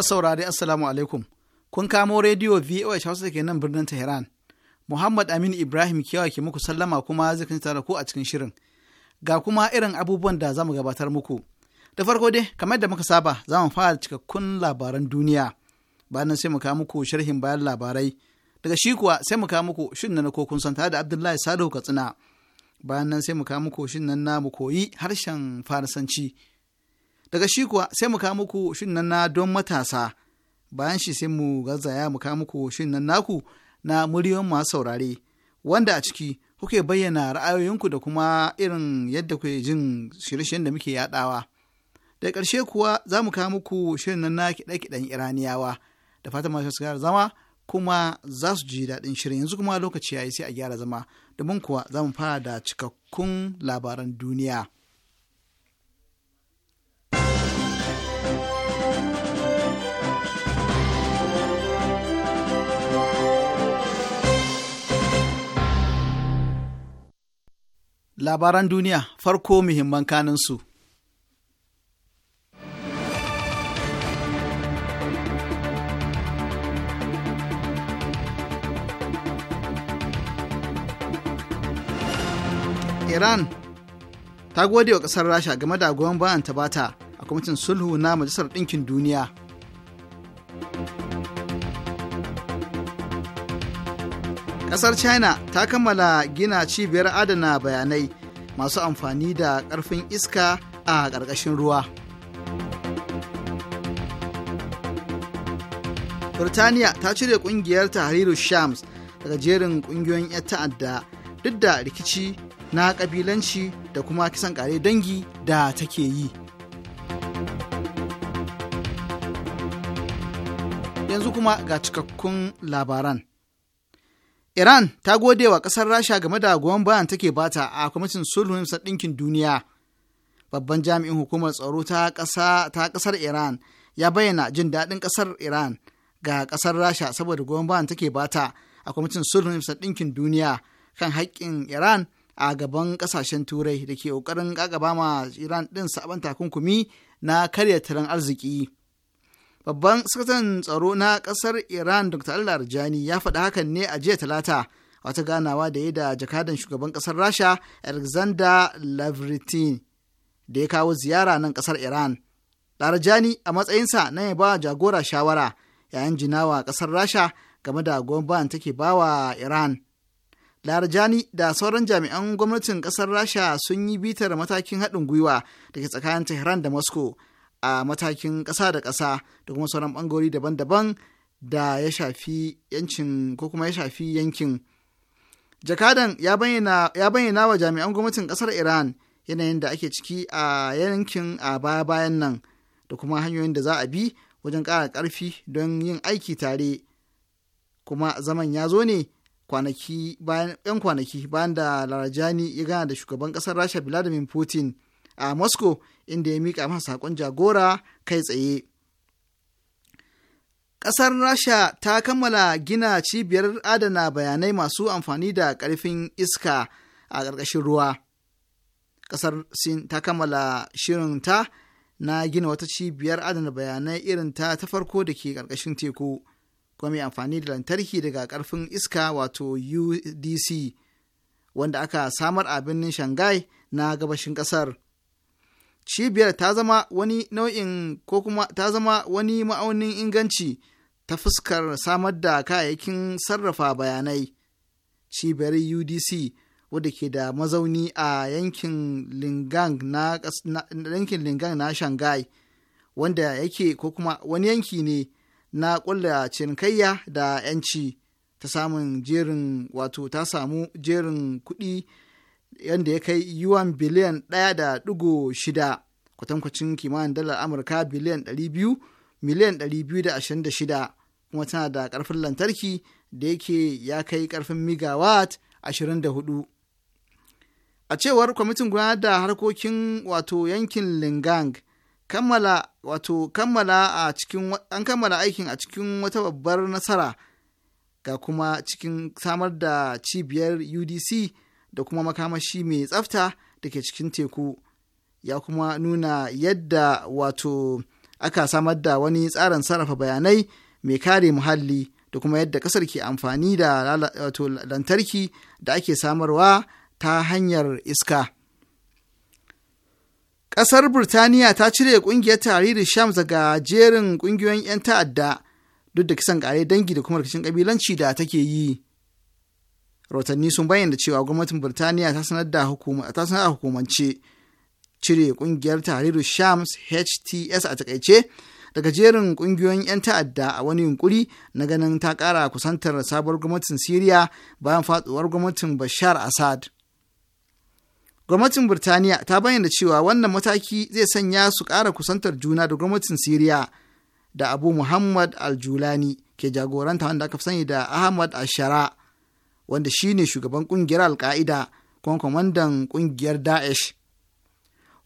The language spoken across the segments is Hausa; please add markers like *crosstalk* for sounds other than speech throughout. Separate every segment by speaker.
Speaker 1: masu saurari assalamu alaikum. Kun kamo rediyo VOA Hausa da ke nan birnin Tehran. Muhammad Aminu Ibrahim Kiyawa ke muku sallama kuma zai kan tare ku a cikin shirin. Ga kuma irin abubuwan da za mu gabatar muku. Da farko dai, kamar da muka saba, za mu fara cikakkun labaran duniya. Bayan sai mu kawo muku sharhin bayan labarai. Daga shi kuwa sai mu kawo muku shin na ko kun san tare da Abdullahi Salihu Katsina. Bayan nan sai mu kawo muku shin nan na koyi harshen Farisanci. daga shi kuwa sai mu kawo muku shin nan na don matasa bayan shi sai mu gazaya mu kawo muku shin nan naku na muryoyin masu saurare wanda a ciki kuke bayyana ra'ayoyinku da kuma irin yadda kuke jin shirye-shiryen da muke yaɗawa da ƙarshe kuwa za mu kawo muku shirin nan na kiɗe-kiɗen iraniyawa da fatan masu su zama kuma za su ji daɗin shirin yanzu kuma lokaci ya yi sai a gyara zama domin kuwa za mu fara da cikakkun labaran duniya. labaran duniya farko muhimman kaninsu. Iran ta gode wa ƙasar Rasha game da goyon bayan ta bata a kwamitin sulhu na Majalisar Ɗinkin Duniya. Ƙasar China ta kammala gina cibiyar adana bayanai masu amfani da ƙarfin iska a ƙarƙashin ruwa. Birtaniya ta cire ƙungiyar Tahriru Shams daga jerin ƙungiyoyin 'yan ta'adda duk da rikici na ƙabilanci da kuma kisan ƙare dangi da take yi. Yanzu kuma ga cikakkun labaran. Iran ta gode wa ƙasar Rasha game da goyon bayan take bata a kwamitin sulhun ɗinkin duniya. Babban jami'in hukumar tsaro ta ƙasar Iran ya bayyana jin daɗin ƙasar Iran ga ƙasar Rasha saboda goyon bayan take bata a kwamitin sulhun ɗinkin duniya kan haƙƙin Iran a gaban ƙasashen Turai da ke ƙoƙarin ƙagaba ma Iran ɗin sabon takunkumi na karya taron arziki. Babban sakataren tsaro na kasar Iran Dr. Allah Rajani ya faɗi hakan ne a jiya talata wata ganawa da ya da jakadan shugaban ƙasar Rasha Alexander Lavritin da ya kawo ziyara nan ƙasar Iran. larajani a matsayinsa na ya ba jagora shawara yayin jinawa ƙasar Rasha game da goyon take bawa Iran. larajani da sauran jami'an gwamnatin ƙasar Rasha sun yi bitar matakin haɗin gwiwa da tsakanin Tehran da Moscow a matakin ƙasa da ƙasa da kuma sauran ɓangarori daban-daban da ya shafi yankin ko kuma ya shafi yankin. Jakadan ya bayyana wa jami'an gwamnatin ƙasar Iran yanayin da ake ciki a yankin a baya-bayan nan da kuma hanyoyin da za a bi wajen ƙara ƙarfi don yin aiki tare. Kuma zaman ya zo ne kwanaki 'yan kwanaki bayan da Larajani ya gana da shugaban ƙasar Rasha Vladimir Putin. a moscow inda ya mika masa sakon jagora kai tsaye ƙasar rasha ta kammala gina cibiyar adana bayanai masu amfani da ƙarfin iska a ƙarƙashin ruwa ƙasar sin ta kammala shirinta na gina wata cibiyar adana bayanai irin ta ta farko da ke ƙarƙashin teku kuma mai amfani da lantarki daga ƙarfin iska wato udc wanda aka samar a birnin shanghai na gabashin ƙasar cibiyar ta zama wani nau'in ko kuma ta zama wani ma'aunin inganci ta fuskar samar da kayayyakin sarrafa bayanai cibiyar udc wadda ke da mazauni a yankin lingang na, yankin shanghai wanda yake ko kuma wani yanki ne na ƙulla cinikayya da 'yanci ta samun jerin wato ta samu jerin kuɗi yadda ya kai yuwan biliyan ɗaya da ɗigo shida kwatankwacin kimanin dalar amurka biliyan ɗari biyu miliyan ɗari biyu da ashirin da shida kuma tana da ƙarfin lantarki da yake ya kai ƙarfin megawatt ashirin da hudu a cewar kwamitin gudanar da harkokin wato yankin lingang kammala wato kammala a cikin an kammala aikin a cikin wata babbar nasara ga kuma cikin samar da cibiyar udc da kuma makamashi mai tsafta da ke cikin teku ya kuma nuna yadda wato aka samar da wani tsarin sarrafa bayanai mai kare muhalli da kuma yadda kasar ke amfani da wato lantarki da ake samarwa ta hanyar iska. Ƙasar birtaniya ta cire ƙungiyar tarihin Shams daga jerin ƙungiyoyin 'yan ta'adda duk da kisan ƙare dangi da kuma rikicin kabilanci da take yi. rahotanni sun bayyana cewa gwamnatin birtaniya ta sanar da hukumance cire kungiyar tahriru shams hts a takaice daga jerin kungiyoyin 'yan ta'adda a wani yunkuri na ganin ta kara kusantar sabuwar gwamnatin siriya bayan faduwar gwamnatin bashar assad gwamnatin birtaniya ta bayyana cewa wannan mataki zai sanya su kara kusantar juna da gwamnatin siriya da abu muhammad aljulani ke jagoranta wanda aka fi sani da ahmad ashara wanda shi ne shugaban kungiyar alka'ida kuma kwamandan kungiyar daesh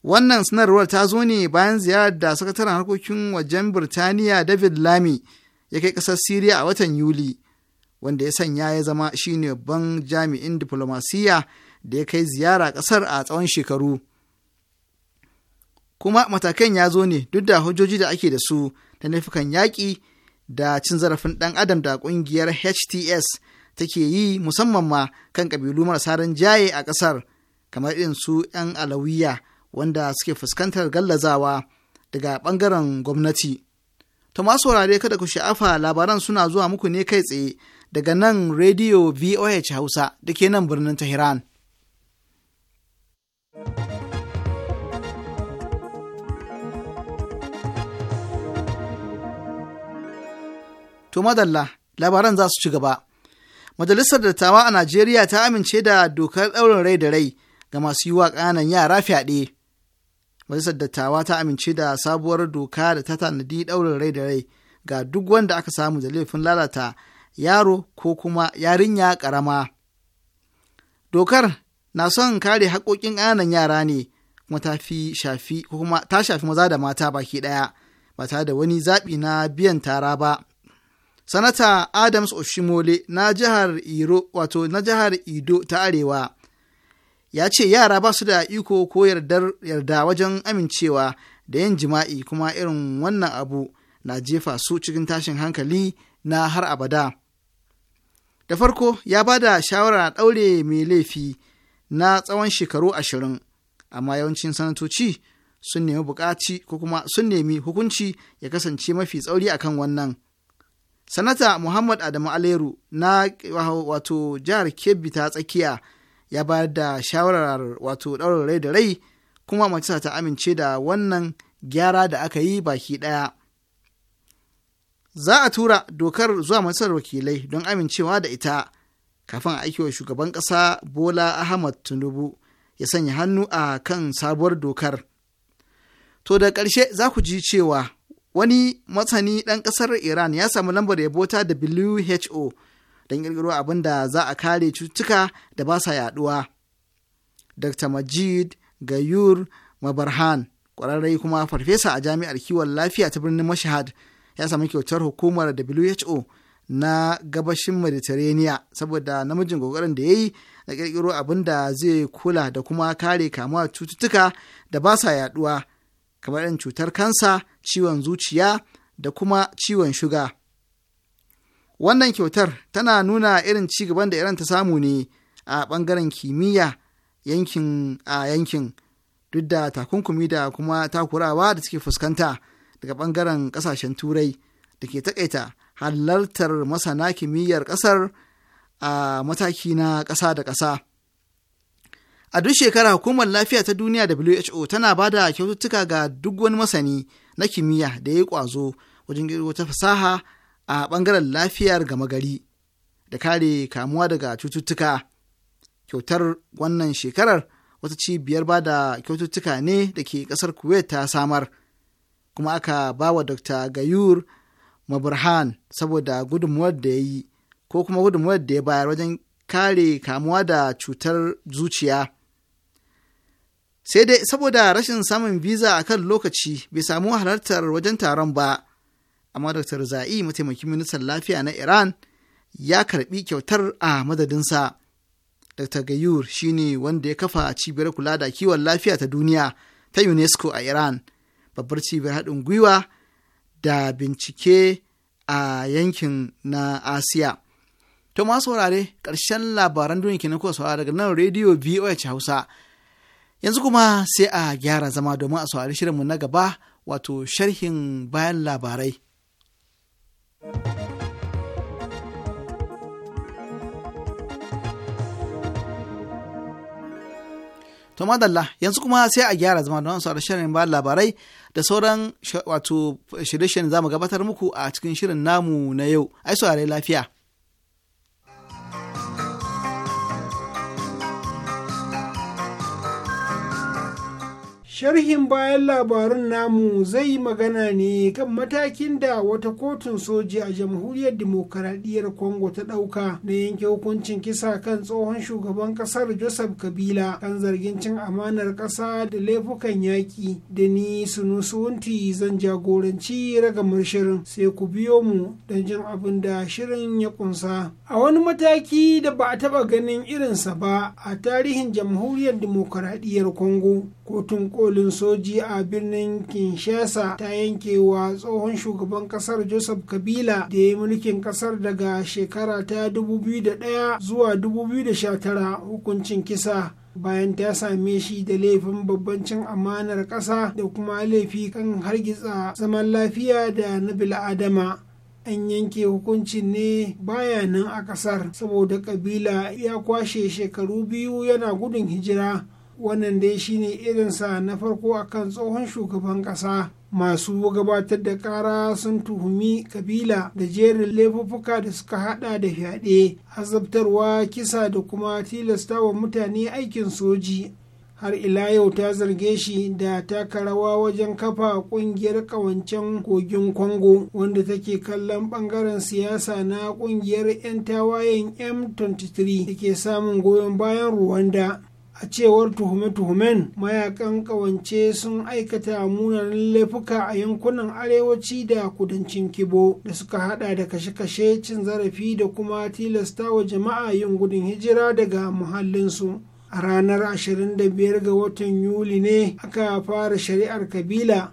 Speaker 1: wannan sanarwar ta zo ne bayan ziyarar da sakataren harkokin wajen birtaniya david lami ya kai kasar siriya a watan yuli wanda ya sanya ya zama shine babban jami'in diplomasiya da ya kai ziyara kasar a tsawon shekaru kuma matakan ya zo ne duk da hujjoji da ake da su ta nufukan yaƙi da cin zarafin ɗan adam da ƙungiyar hts take yi musamman ma kan ƙabilu marasa jaye a ƙasar kamar irin su 'yan alawiya wanda suke fuskantar gallazawa daga ɓangaren gwamnati. To masu wurare kada ku sha'afa labaran suna zuwa muku ne kai tsaye daga nan rediyo VOH Hausa da ke nan birnin Tehran. To madalla labaran za su ci gaba. Majalisar Dattawa a Najeriya ta amince da dokar ɗaurin rai da rai ga masu yi wa ƙananan yara fyaɗe. Majalisar Dattawa ta amince da sabuwar doka da ta tanadi ɗaurin rai da rai ga duk wanda aka samu da laifin lalata yaro ko kuma yarinya ƙarama. Dokar na son kare haƙoƙin ƙananan yara ne kuma ta shafi maza da mata baki ɗaya ba tare da wani zaɓi na biyan tara ba. Sanata Adams Oshimole na jihar Iro wato na jihar Ido ta Arewa ya ce yara ba su da iko ko yarda wajen amincewa da yin jima'i kuma irin wannan abu na jefa su cikin tashin hankali na har abada. Da farko ya ba da shawara ɗaure mai laifi na tsawon shekaru ashirin, amma yawancin sanatoci sun nemi bukaci ko kuma sun nemi hukunci ya kasance mafi tsauri akan wannan. sanata muhammad adamu aleru na wato jihar kebbi ta tsakiya ya bayar da shawarar wato ɗaurin rai da rai kuma majalisa ta amince da wannan gyara da aka yi baki ɗaya za a tura dokar zuwa majalisar wakilai don amincewa da ita kafin a aikewa shugaban ƙasa bola ahmad tinubu ya sanya hannu a kan sabuwar dokar to da ƙarshe za ku ji cewa wani matsani ɗan ƙasar Iran ya samu lambar yabo ta WHO don ƙirƙiro abin da za a kare cututtuka da ba sa yaɗuwa. Dr. Majid Gayur Mabarhan, ƙwararre kuma farfesa a jami'ar kiwon lafiya ta birnin Mashhad, ya samu kyautar hukumar WHO na gabashin Mediterania saboda namijin ƙoƙarin da ya yi na ƙirƙiro abin da zai kula da kuma kare kamuwa cututtuka da ba sa yaɗuwa. kamar yin cutar kansa ciwon zuciya da kuma ciwon shuga wannan kyautar tana nuna irin ci gaban da iran ta samu ne a ɓangaren kimiyya yankin a yankin duk da takunkumi da kuma takurawa da suke fuskanta daga ɓangaren ƙasashen turai da ke taƙaita halartar masana kimiyyar ƙasar a mataki na ƙasa da ƙasa. A duk shekara hukumar lafiya ta duniya WHO tana ba da kyaututtuka ga duk wani masani na kimiyya da ya yi ƙwazo wajen ƙirƙiro ta fasaha a ɓangaren lafiyar gama gari da kare kamuwa daga cututtuka. Kyautar wannan shekarar wata cibiyar ba da kyaututtuka ne da ke ƙasar Kuwait ta samar, kuma aka ba wa Dr. Gayur Maburhan saboda gudunmuwar da ya yi ko kuma gudunmuwar da ya bayar wajen kare kamuwa da cutar zuciya. sai dai saboda rashin samun viza a kan lokaci bai samu halartar wajen taron ba amma dr za'i mataimakin ministan lafiya na iran ya karbi kyautar a madadinsa dr gayur ne wanda ya kafa cibiyar kula da kiwon lafiya ta duniya ta unesco a iran babbar cibiyar haɗin gwiwa da bincike a yankin na asiya to masu wurare ƙarshen labaran duniya kina kuwa daga nan rediyo voh hausa Yanzu kuma sai a gyara zama domin a saurari shirinmu na gaba wato sharhin bayan labarai. To madalla yanzu kuma sai a gyara zama don saurari shirin bayan labarai da sauran wato shirye-shiryen mu gabatar muku a cikin shirin namu na yau. Ai saurari lafiya.
Speaker 2: sharhin bayan labarun namu zai yi magana ne kan matakin da wata kotun soji a jamhuriyar demokaradiyyar congo ta ɗauka na yanke hukuncin kisa kan tsohon shugaban kasar joseph kabila kan zargin cin amanar kasa da laifukan yaƙi da ni sunusunti zan jagoranci ragamar shirin sai ku biyo mu don jin abin da shirin ya kunsa a wani mataki da ba a taɓa ganin irinsa ba a tarihin jamhuriyar demokaradiyyar congo kotun kolin soji a birnin kinshasa ta yanke wa tsohon shugaban kasar joseph kabila da ya mulkin kasar daga shekara ta 2001 zuwa 2019 hukuncin kisa bayan ta same shi da laifin babban amanar ƙasa da kuma laifi kan hargitsa zaman lafiya da na bil'adama an yanke hukuncin ne bayanan a ƙasar saboda kabila ya kwashe shekaru biyu yana gudun hijira wannan dai shine irinsa na farko a kan tsohon shugaban ƙasa masu gabatar da kara sun tuhumi kabila da jerin laifuffuka da suka hada da fyaɗe azabtarwa kisa da kuma tilasta wa mutane aikin soji har ila yau ta zarge shi da taka rawa wajen kafa kungiyar kawancen kogin congo wanda take kallon bangaren siyasa na kungiyar 'yan tawayen m23 da ke samun goyon bayan ruwanda a cewar tuhume-tuhumen mayakan kawance sun aikata munanan laifuka a yankunan arewaci da kudancin kibo da suka hada da kashe-kashe cin zarafi da kuma tilasta wa jama'a yin gudun hijira daga muhallinsu a ranar 25 ga watan yuli ne aka fara shari'ar kabila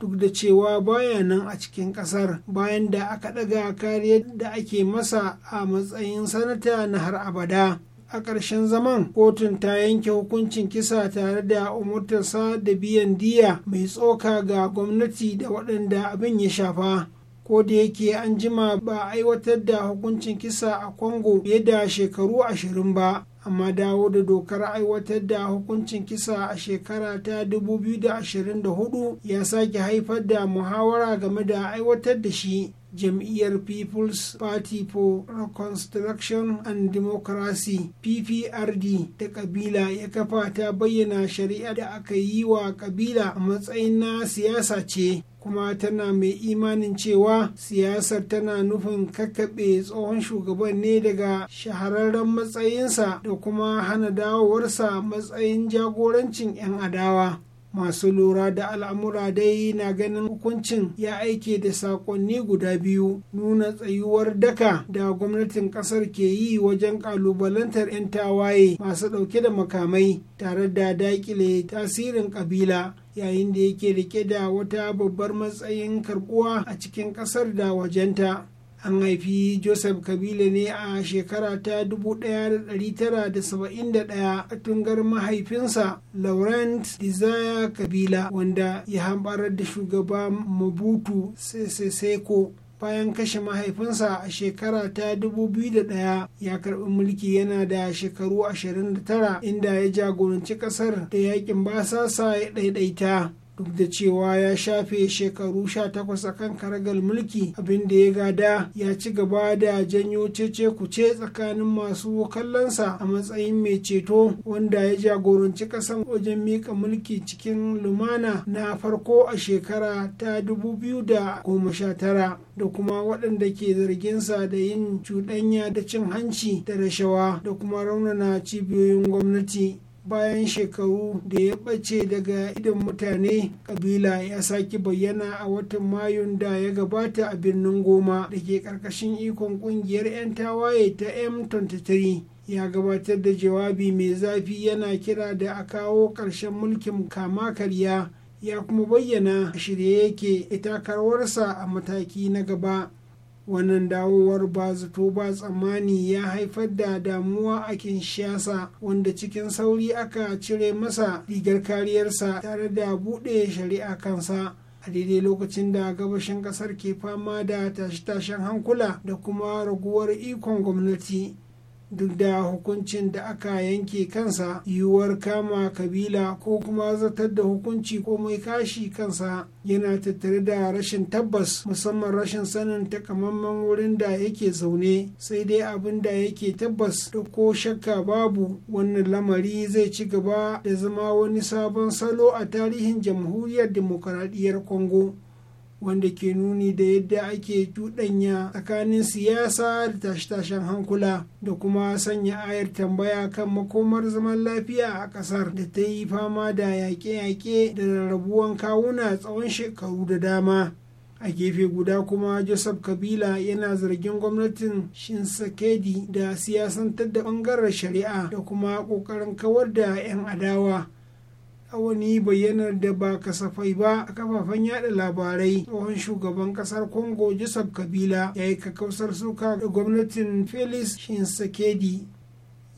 Speaker 2: duk da cewa baya nan a cikin kasar bayan da aka daga kariyar da ake masa a matsayin sanata na har abada a ƙarshen zaman kotun ta yanke hukuncin kisa tare da umurtarsa da biyan diya mai tsoka ga gwamnati da waɗanda abin ya shafa ko da yake an jima ba a aiwatar da hukuncin kisa a congo fiye da shekaru ashirin ba amma dawo da dokar aiwatar da hukuncin kisa a shekara ta 2024 ya sake haifar da muhawara game da aiwatar da shi jam'iyyar people's party for reconstruction and democracy pprd ta kabila ya kafa ta bayyana shari'a da aka yi wa kabila a matsayin na siyasa ce kuma tana mai imanin cewa siyasar tana nufin kakkaɓe tsohon shugaban ne daga shahararren matsayinsa da kuma hana dawowarsa matsayin jagorancin 'yan adawa masu lura da al'amura dai na ganin hukuncin ya aike da sakonni guda biyu nuna tsayuwar daka da gwamnatin kasar ke yi wajen kalubalantar 'yan tawaye masu ɗauke da makamai tare da dakile tasirin ƙabila, yayin da yake rike da wata babbar matsayin karbuwa a cikin ƙasar da wajenta an haifi joseph kabila ne a shekara ta 1971 a tungar mahaifinsa laurent desire kabila wanda ya hambarar da shugaba mabutu seko bayan kashe mahaifinsa a shekara ta 2001 ya karbi mulki yana da shekaru 29 inda ya jagoranci kasar da yakin basasa ya ɗaiɗaita duk da cewa ya shafe shekaru sha takwas a kan karagar mulki abin da ya gada ya ci gaba da janyo cece kuce tsakanin masu kallonsa a matsayin mai ceto wanda ya jagoranci kasan wajen mika mulki cikin lumana na farko a shekara ta dubu 2019 da kuma waɗanda ke zarginsa da yin cuɗanya da cin hanci da rashawa da kuma raunana cibiyoyin gwamnati bayan shekaru da ya ɓace daga idan mutane kabila ya sake bayyana a watan mayun da ya gabata a birnin goma da ke ƙarƙashin ikon ƙungiyar 'yan tawaye ta m23 ya gabatar da jawabi mai zafi yana kira da a kawo ƙarshen mulkin kama karya ya kuma bayyana shirye yake ita karwarsa a mataki na gaba wannan dawowar ba zato ba tsammani ya haifar da damuwa a kinshasa wanda cikin sauri aka cire masa rigar kariyarsa tare da buɗe shari'a kansa a daidai lokacin da gabashin kasar ke fama da tashe-tashen hankula da kuma raguwar ikon gwamnati duk da hukuncin da aka yanke kansa yiwuwar kama kabila ko kuma zartar da hukunci ko mai kashi kansa yana tattare da rashin tabbas musamman rashin sanin takamaiman wurin da yake zaune sai dai abin da yake tabbas da ko shakka babu wannan lamari zai ci gaba da zama wani sabon salo a tarihin jamhuriyar dimokuraɗiyyar congo wanda ke nuni da yadda ake cuɗanya tsakanin siyasa da tashe-tashen hankula da kuma sanya ayar tambaya kan makomar zaman lafiya a ƙasar da ta yi fama da yaƙe-yaƙe da rarrabuwan kawuna tsawon shekaru da dama a gefe guda kuma joseph kabila yana zargin gwamnatin shinsakedi da siyasantar da ɓangaren shari'a da kuma ƙoƙarin kawar da 'yan adawa a wani bayyanar da ba kasafai ba a kafafen yada labarai tsohon shugaban kasar congo joseph kabila ya yi kakausar suka da gwamnatin felix shinsakedi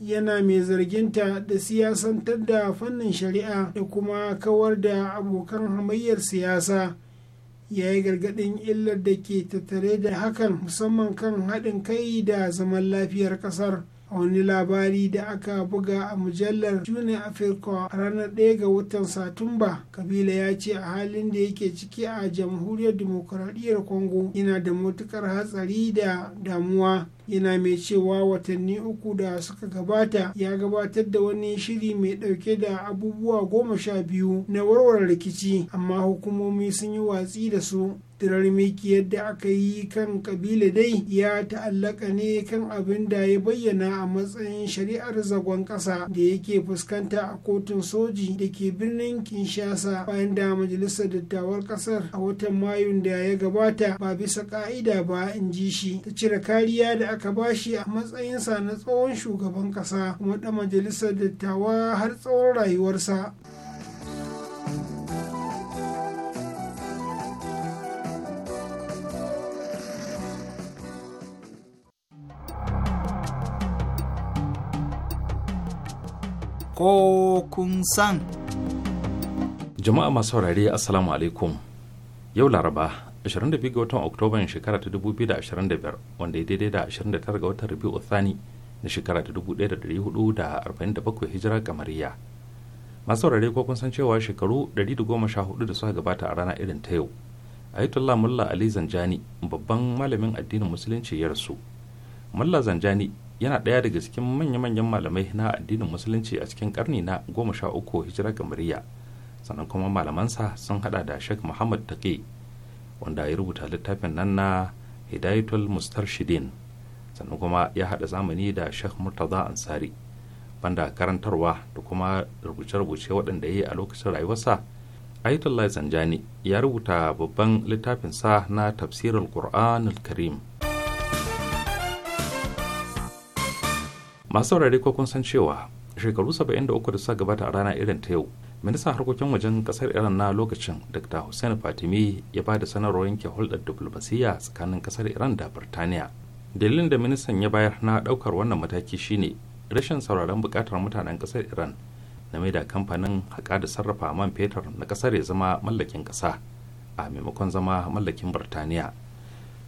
Speaker 2: yana mai zarginta da siyasantar da fannin shari'a da kuma kawar da abokan hamayyar siyasa ya yi gargaɗin illar da ke tattare da hakan musamman kan haɗin kai da zaman lafiyar ƙasar a wani labari da aka buga a mujallar junin afirka a ranar 1 ga watan satumba kabila ya ce a halin da yake ciki a jamhuriyar demokuraɗiyyar congo yana da matukar hatsari da damuwa yana mai cewa watanni uku da suka gabata ya gabatar da wani shiri mai dauke da abubuwa goma sha biyu na warware rikici amma hukumomi sun yi watsi da su miki da aka yi kan kabila dai ya ta'allaka ne kan abin da ya bayyana a matsayin shari'ar zagon ƙasa da yake fuskanta a kotun soji da ke birnin kinshasa bayan da majalisar dattawar ƙasar a watan mayun da ya gabata ba bisa ka'ida ba in ji shi ta cire kariya da aka bashi a matsayinsa na tsohon shugaban ƙasa kuma da majalisar dattawa har tsawon rayuwarsa.
Speaker 1: ko kun san.
Speaker 3: Jama'a masu saurare Assalamu alaikum. Yau Laraba, 22 ga watan oktoba shekara ta 2025 wanda ya daidai da 29 ga watan Rabi'u Thani na shekara ta 1447 hijira kamariya. Masu saurare ko kun san cewa shekaru 114 da suka gabata a rana irin ta yau. Ayatollah Mulla Ali Zanjani, babban malamin addinin Musulunci ya rasu. Mulla Zanjani yana ɗaya daga cikin manya-manyan malamai na addinin musulunci a cikin karni na goma sha uku hijira gamariya sannan kuma malamansa sun hada da shek muhammad taƙi wanda ya rubuta littafin nan na hidayatul mustarshidin sannan kuma ya haɗa zamani da shek murtaza ansari banda karantarwa da kuma rubuce-rubuce waɗanda ya yi a lokacin rayuwarsa ayatollah zanjani ya rubuta babban littafinsa na tafsirar qur'anul karim masu saurare ko kun san cewa shekaru 73 da suka gabata a rana irin ta yau ministan harkokin wajen kasar iran na lokacin dr hussein fatimi ya ba da sanarwar yanke hulɗar diflomasiyya tsakanin kasar iran da birtaniya dalilin da ministan ya bayar na ɗaukar wannan mataki shine rashin sauraron buƙatar mutanen kasar iran na mai da kamfanin haƙa da sarrafa man fetur na kasar ya zama mallakin ƙasa a maimakon zama mallakin birtaniya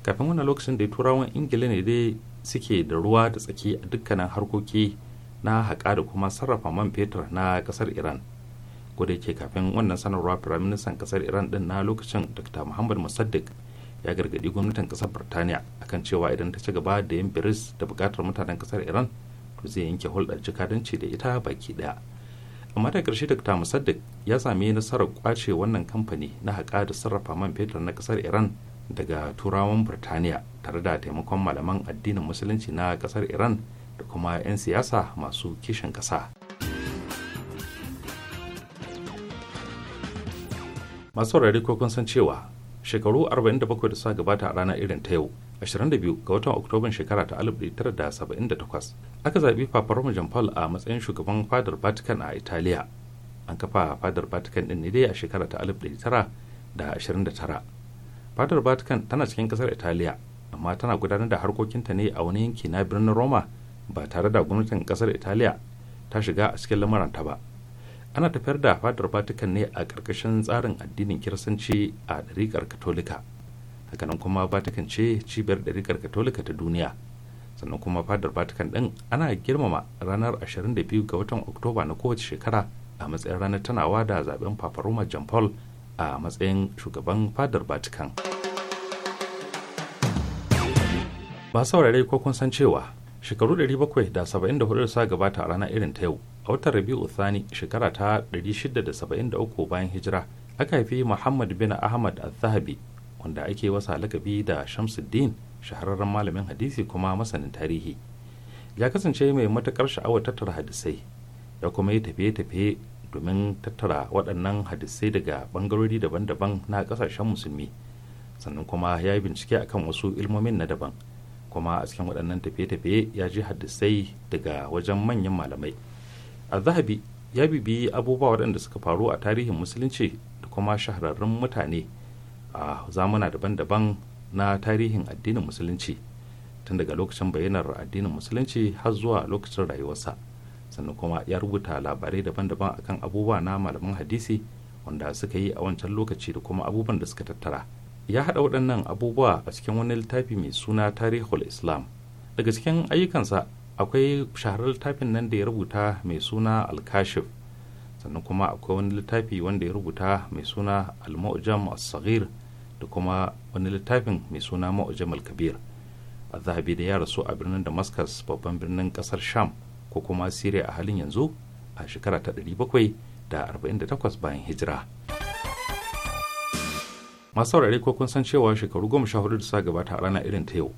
Speaker 3: kafin wannan lokacin da ya turawan ingila ne dai suke da ruwa da tsaki a dukkanin harkoki na haƙa da kuma sarrafa man fetur na ƙasar iran da ke kafin wannan sanarwa firaministan ƙasar iran din na lokacin dr muhammad musaddiq ya gargaɗi gwamnatin ƙasar birtaniya akan cewa idan ta ci gaba da yin biris da buƙatar mutanen ƙasar iran to zai yanke hulɗar jikadanci da ita baki ɗaya amma da ƙarshe dr musaddiq ya sami nasarar kwace wannan kamfani na haƙa da sarrafa man fetur na ƙasar iran daga turawan birtaniya tare da taimakon malaman addinin musulunci na kasar iran da kuma 'yan siyasa masu kishin kasa masu saurari ko kun san cewa shekaru 47 da suka gabata a rana irin ta yau 22 ga watan oktoban shekara ta 1978 aka zaɓi paparoma jean paul a matsayin shugaban fadar vatican a italiya an kafa fadar vatican din ne dai a shekara ta 1929 fadar vatican tana cikin kasar italiya amma tana gudanar da harkokinta ne a wani yanki na birnin roma ba tare da gwamnatin kasar italiya ta shiga a cikin lamuranta ba ana tafiyar da fadar vatican ne a ƙarƙashin tsarin addinin kiristanci a ɗariƙar katolika hakanan kuma vatican ce cibiyar ɗariƙar katolika ta duniya sannan kuma fadar vatican ɗin ana girmama ranar 22 ga watan oktoba na kowace shekara a matsayin ranar tanawa da zaben papa roma jean paul a matsayin shugaban fadar vatican. masu saurare ko kun san cewa shekaru 774 da sa gabata a rana irin ta yau a watan rabi'u thani shekara ta 673 bayan hijira aka haifi muhammad bin ahmad al-zahabi wanda ake wasa lakabi da shamsuddin shahararren malamin hadisi kuma masanin tarihi ya kasance mai matukar sha'awar tattara hadisai ya kuma yi tafiye-tafiye domin tattara waɗannan hadisai daga bangarori daban-daban na ƙasashen musulmi sannan kuma ya yi bincike akan wasu ilmomin na daban kuma a cikin waɗannan tafiye-tafiye ya ji hadisai daga wajen manyan malamai a zahabi ya bibi abubuwa waɗanda suka faru a tarihin musulunci da kuma shahararrun mutane a zamana daban-daban na tarihin addinin musulunci tun daga lokacin bayyanar addinin musulunci har zuwa lokacin rayuwarsa sannan kuma ya rubuta labarai daban-daban akan abubuwa na malaman hadisi wanda suka yi a wancan lokaci da kuma abubuwan da suka tattara ya haɗa waɗannan abubuwa a cikin wani littafi mai suna tarihul islam daga cikin ayyukansa akwai shaharar littafin nan da ya rubuta mai suna alkashif sannan kuma akwai wani littafi wanda ya rubuta mai suna al as da kuma wani littafin mai suna ma'ujam al-kabir zahabi da ya rasu a birnin damascus babban birnin kasar sham ko kuma syria a halin yanzu a shekara ta 748 bayan hijira. masu saurare ko kun san cewa shekaru goma sha hudu da suka gabata a rana irin ta yau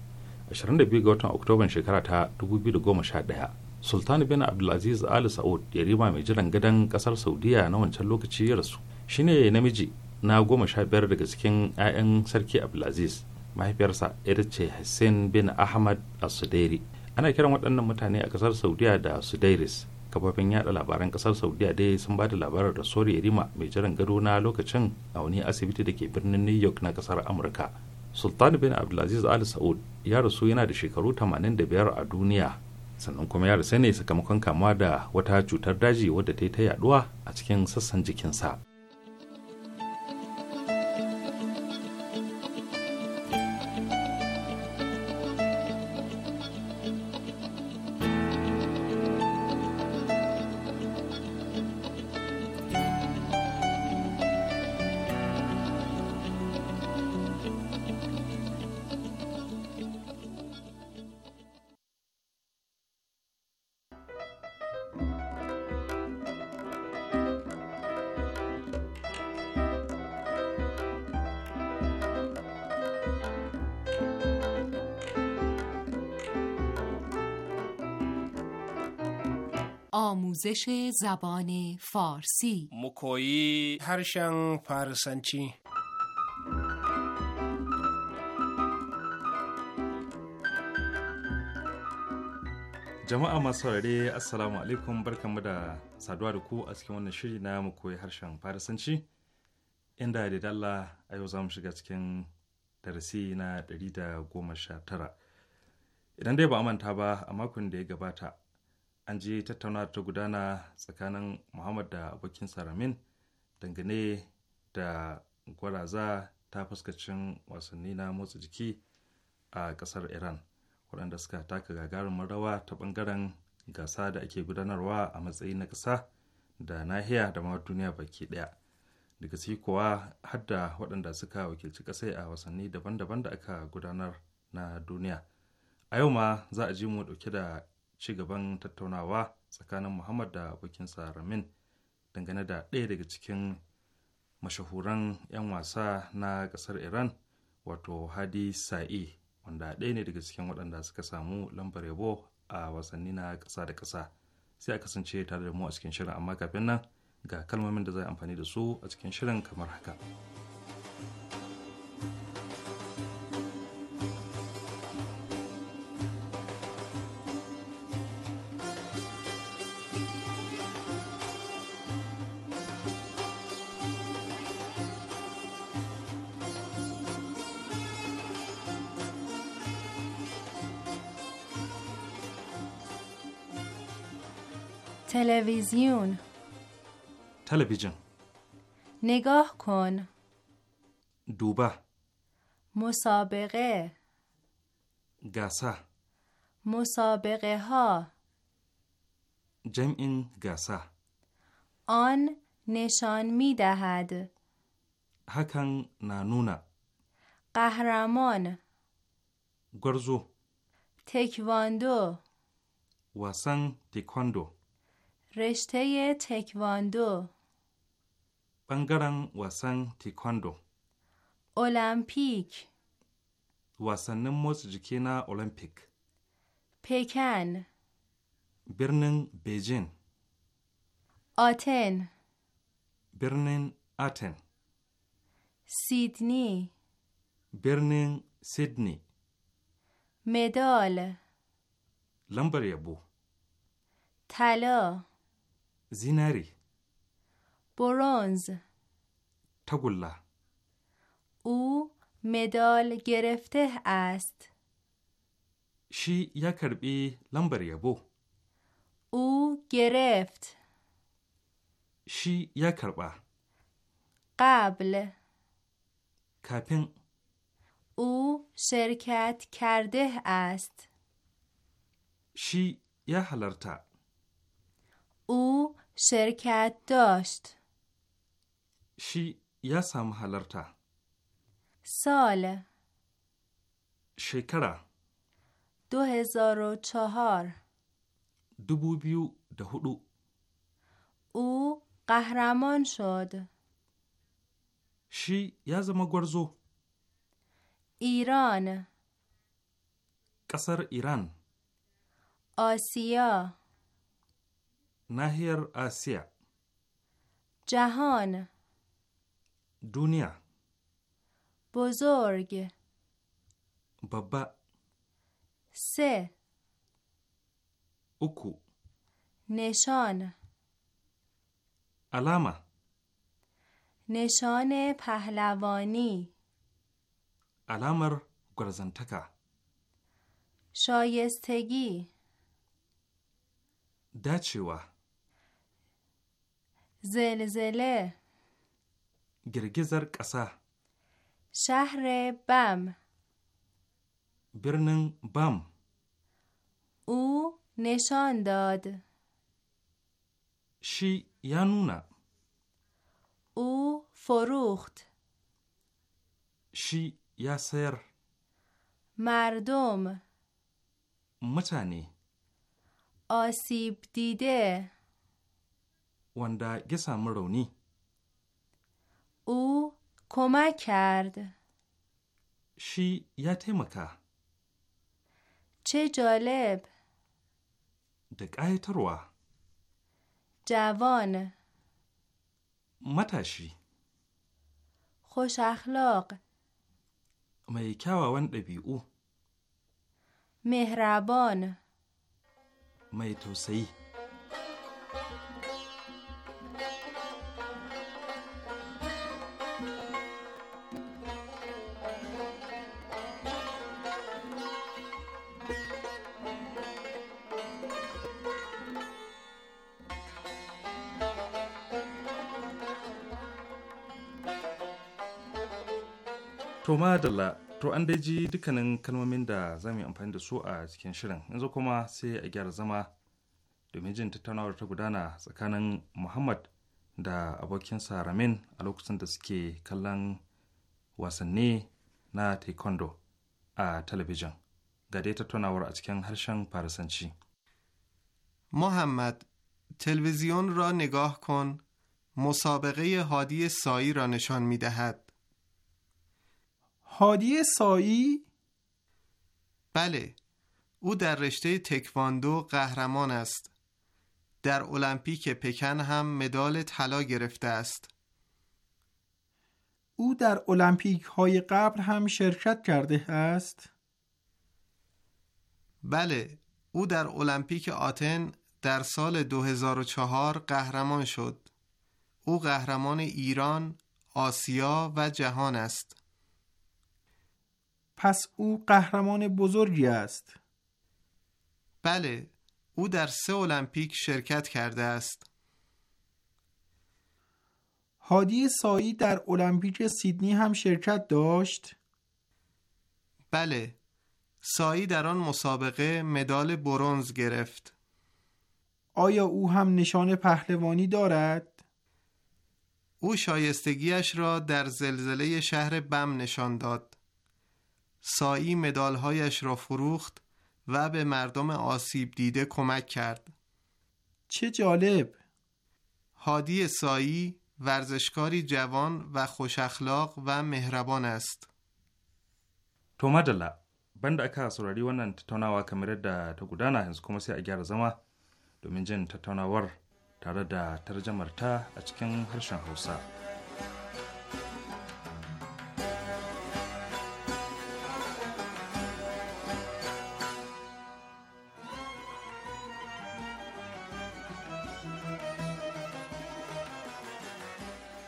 Speaker 3: ashirin biyu ga watan oktoban shekara ta 2011 sultan bin abdulaziz ali sa'ud yarima mai jiran gadon kasar saudiya na wancan lokaci ya rasu shine namiji na goma sha biyar daga cikin 'ya'yan sarki abdulaziz mahaifiyarsa ita ce hussein bin ahmad al-sudairi ana kiran waɗannan mutane a kasar saudiya da sudairis kafafen yada labaran kasar saudiya dai sun ba da labarar da sori rima mai jiran gado na lokacin a wani asibiti da ke birnin new york na kasar amurka sultan bin abdulaziz al saud ya rasu yana da shekaru 85 a duniya sannan kuma ya rasu ne sakamakon kamuwa da wata cutar daji wadda ta yi ta yaduwa a cikin sassan jikinsa
Speaker 4: آموزش زبان فارسی
Speaker 3: مکویی
Speaker 2: harshen فارسنچی
Speaker 3: jama'a masu saurare assalamu alaikum barkanmu da saduwa da ku a cikin wannan shiri na mu koyi harshen farisanci inda da dalla a yau za mu shiga cikin darasi na 119 idan dai ba a manta ba a makon da ya gabata an ji tattauna ta gudana tsakanin muhammad da abokin saramin dangane da gwaraza ta fuskacin wasanni na motsa jiki a kasar iran waɗanda suka taka gagarumin rawa ta ɓangaren gasa da ake gudanarwa a matsayi na ƙasa da nahiya da ma duniya baki ɗaya daga si kuwa hadda waɗanda suka wakilci ƙasai a wasanni daban-daban da aka gudanar na duniya a yau ma za a ji mu ɗauke da ci gaban tattaunawa tsakanin muhammad da abokinsa ramin dangane da ɗaya daga cikin mashahuran 'yan wasa na ƙasar iran wato hadi sa'i wanda ɗaya ne daga cikin waɗanda suka samu lambar yabo a wasanni na ƙasa da ƙasa sai a kasance tare da mu a cikin shirin amma kafin nan ga kalmomin da za a amfani da su a cikin shirin kamar haka.
Speaker 4: تلویزیون تلویزیون نگاه کن دوبه مسابقه گسه مسابقه ها
Speaker 3: جمع گسه
Speaker 4: آن نشان می دهد
Speaker 3: هکن نانونه
Speaker 4: قهرمان گرزو تکواندو
Speaker 3: واسن تکواندو
Speaker 4: رشته تکواندو
Speaker 3: بنگرن واسن تکواندو
Speaker 4: المپیک
Speaker 3: واسنن موز جکی نا المپیک
Speaker 4: پکن
Speaker 3: برنن بیجین
Speaker 4: آتن
Speaker 3: برنن آتن
Speaker 4: سیدنی
Speaker 3: برنن سیدنی
Speaker 4: مدال
Speaker 3: لمبر یبو
Speaker 4: طلا
Speaker 3: زیناری
Speaker 4: برونز تگولا او مدال گرفته است
Speaker 3: شی یا کربی لمبر یبو
Speaker 4: او گرفت
Speaker 3: شی یا کربا
Speaker 4: قبل کپن. او شرکت کرده است
Speaker 3: شی یا حلرتا
Speaker 4: او شرکت داشت
Speaker 3: شی یا سام
Speaker 4: سال
Speaker 3: شکره
Speaker 4: دو هزار و چهار
Speaker 3: دو بیو
Speaker 4: او قهرمان شد
Speaker 3: شی یا گرزو
Speaker 4: ایران
Speaker 3: قصر ایران
Speaker 4: آسیا
Speaker 3: نهر آسیا
Speaker 4: جهان دنیا بزرگ بابا سه اکو نشان علامه نشان پهلوانی
Speaker 3: علامر گرزنتکا
Speaker 4: شایستگی
Speaker 3: دچیوه
Speaker 4: زلزله
Speaker 3: گرگزر قسا
Speaker 4: شهر بم
Speaker 3: برنن بم
Speaker 4: او نشان داد
Speaker 3: شی یانونا.
Speaker 4: او فروخت
Speaker 3: شی یاسر.
Speaker 4: مردم
Speaker 3: متانی
Speaker 4: آسیب دیده
Speaker 3: wanda ya samu rauni.
Speaker 4: U kuma kyard.
Speaker 3: Shi ya taimaka.
Speaker 4: Ce jaleb.
Speaker 3: Da ƙayatarwa.
Speaker 4: Javon.
Speaker 3: Matashi.
Speaker 4: Khoshakhlaq.
Speaker 3: Mai kyawawan ɗabi'u.
Speaker 4: Mehrabon.
Speaker 3: Mai tausayi. To madalla, to an dai ji dukkanin kalmomin da za mu yi amfani da su a cikin shirin, yanzu kuma sai a gyara zama domin jin tattaunawar ta gudana tsakanin Muhammad da abokinsa Ramin a lokacin da suke kallon wasanni na taekwondo a talabijin. Ga dai tattaunawar a cikin harshen Farisanci.
Speaker 5: Muhammad, تلویزیون را نگاه کن مسابقه هادی سایی را نشان می دهد. هادی سایی؟ بله او در رشته تکواندو قهرمان است در المپیک پکن هم مدال طلا گرفته است
Speaker 6: او در المپیک های قبل هم شرکت کرده است
Speaker 5: بله او در المپیک آتن در سال 2004 قهرمان شد او قهرمان ایران، آسیا و جهان است پس او قهرمان بزرگی است. بله، او در سه المپیک شرکت کرده است.
Speaker 6: هادی سایی در المپیک سیدنی هم شرکت داشت؟ بله،
Speaker 5: سایی در آن مسابقه مدال برونز گرفت.
Speaker 6: آیا او هم نشان پهلوانی دارد؟ او
Speaker 5: شایستگیش را در زلزله شهر بم نشان داد. سایی مدالهایش را فروخت و به مردم آسیب دیده کمک کرد چه جالب هادی سایی ورزشکاری
Speaker 3: جوان و خوش اخلاق و مهربان است تو مدلا بند اکا سراری ونن تتانا و کمیره دا تو گودانا هنز کمسی اگر زما دومین جن تتانا ور تارا دا ترجمه رتا اچکن هرشن حوصا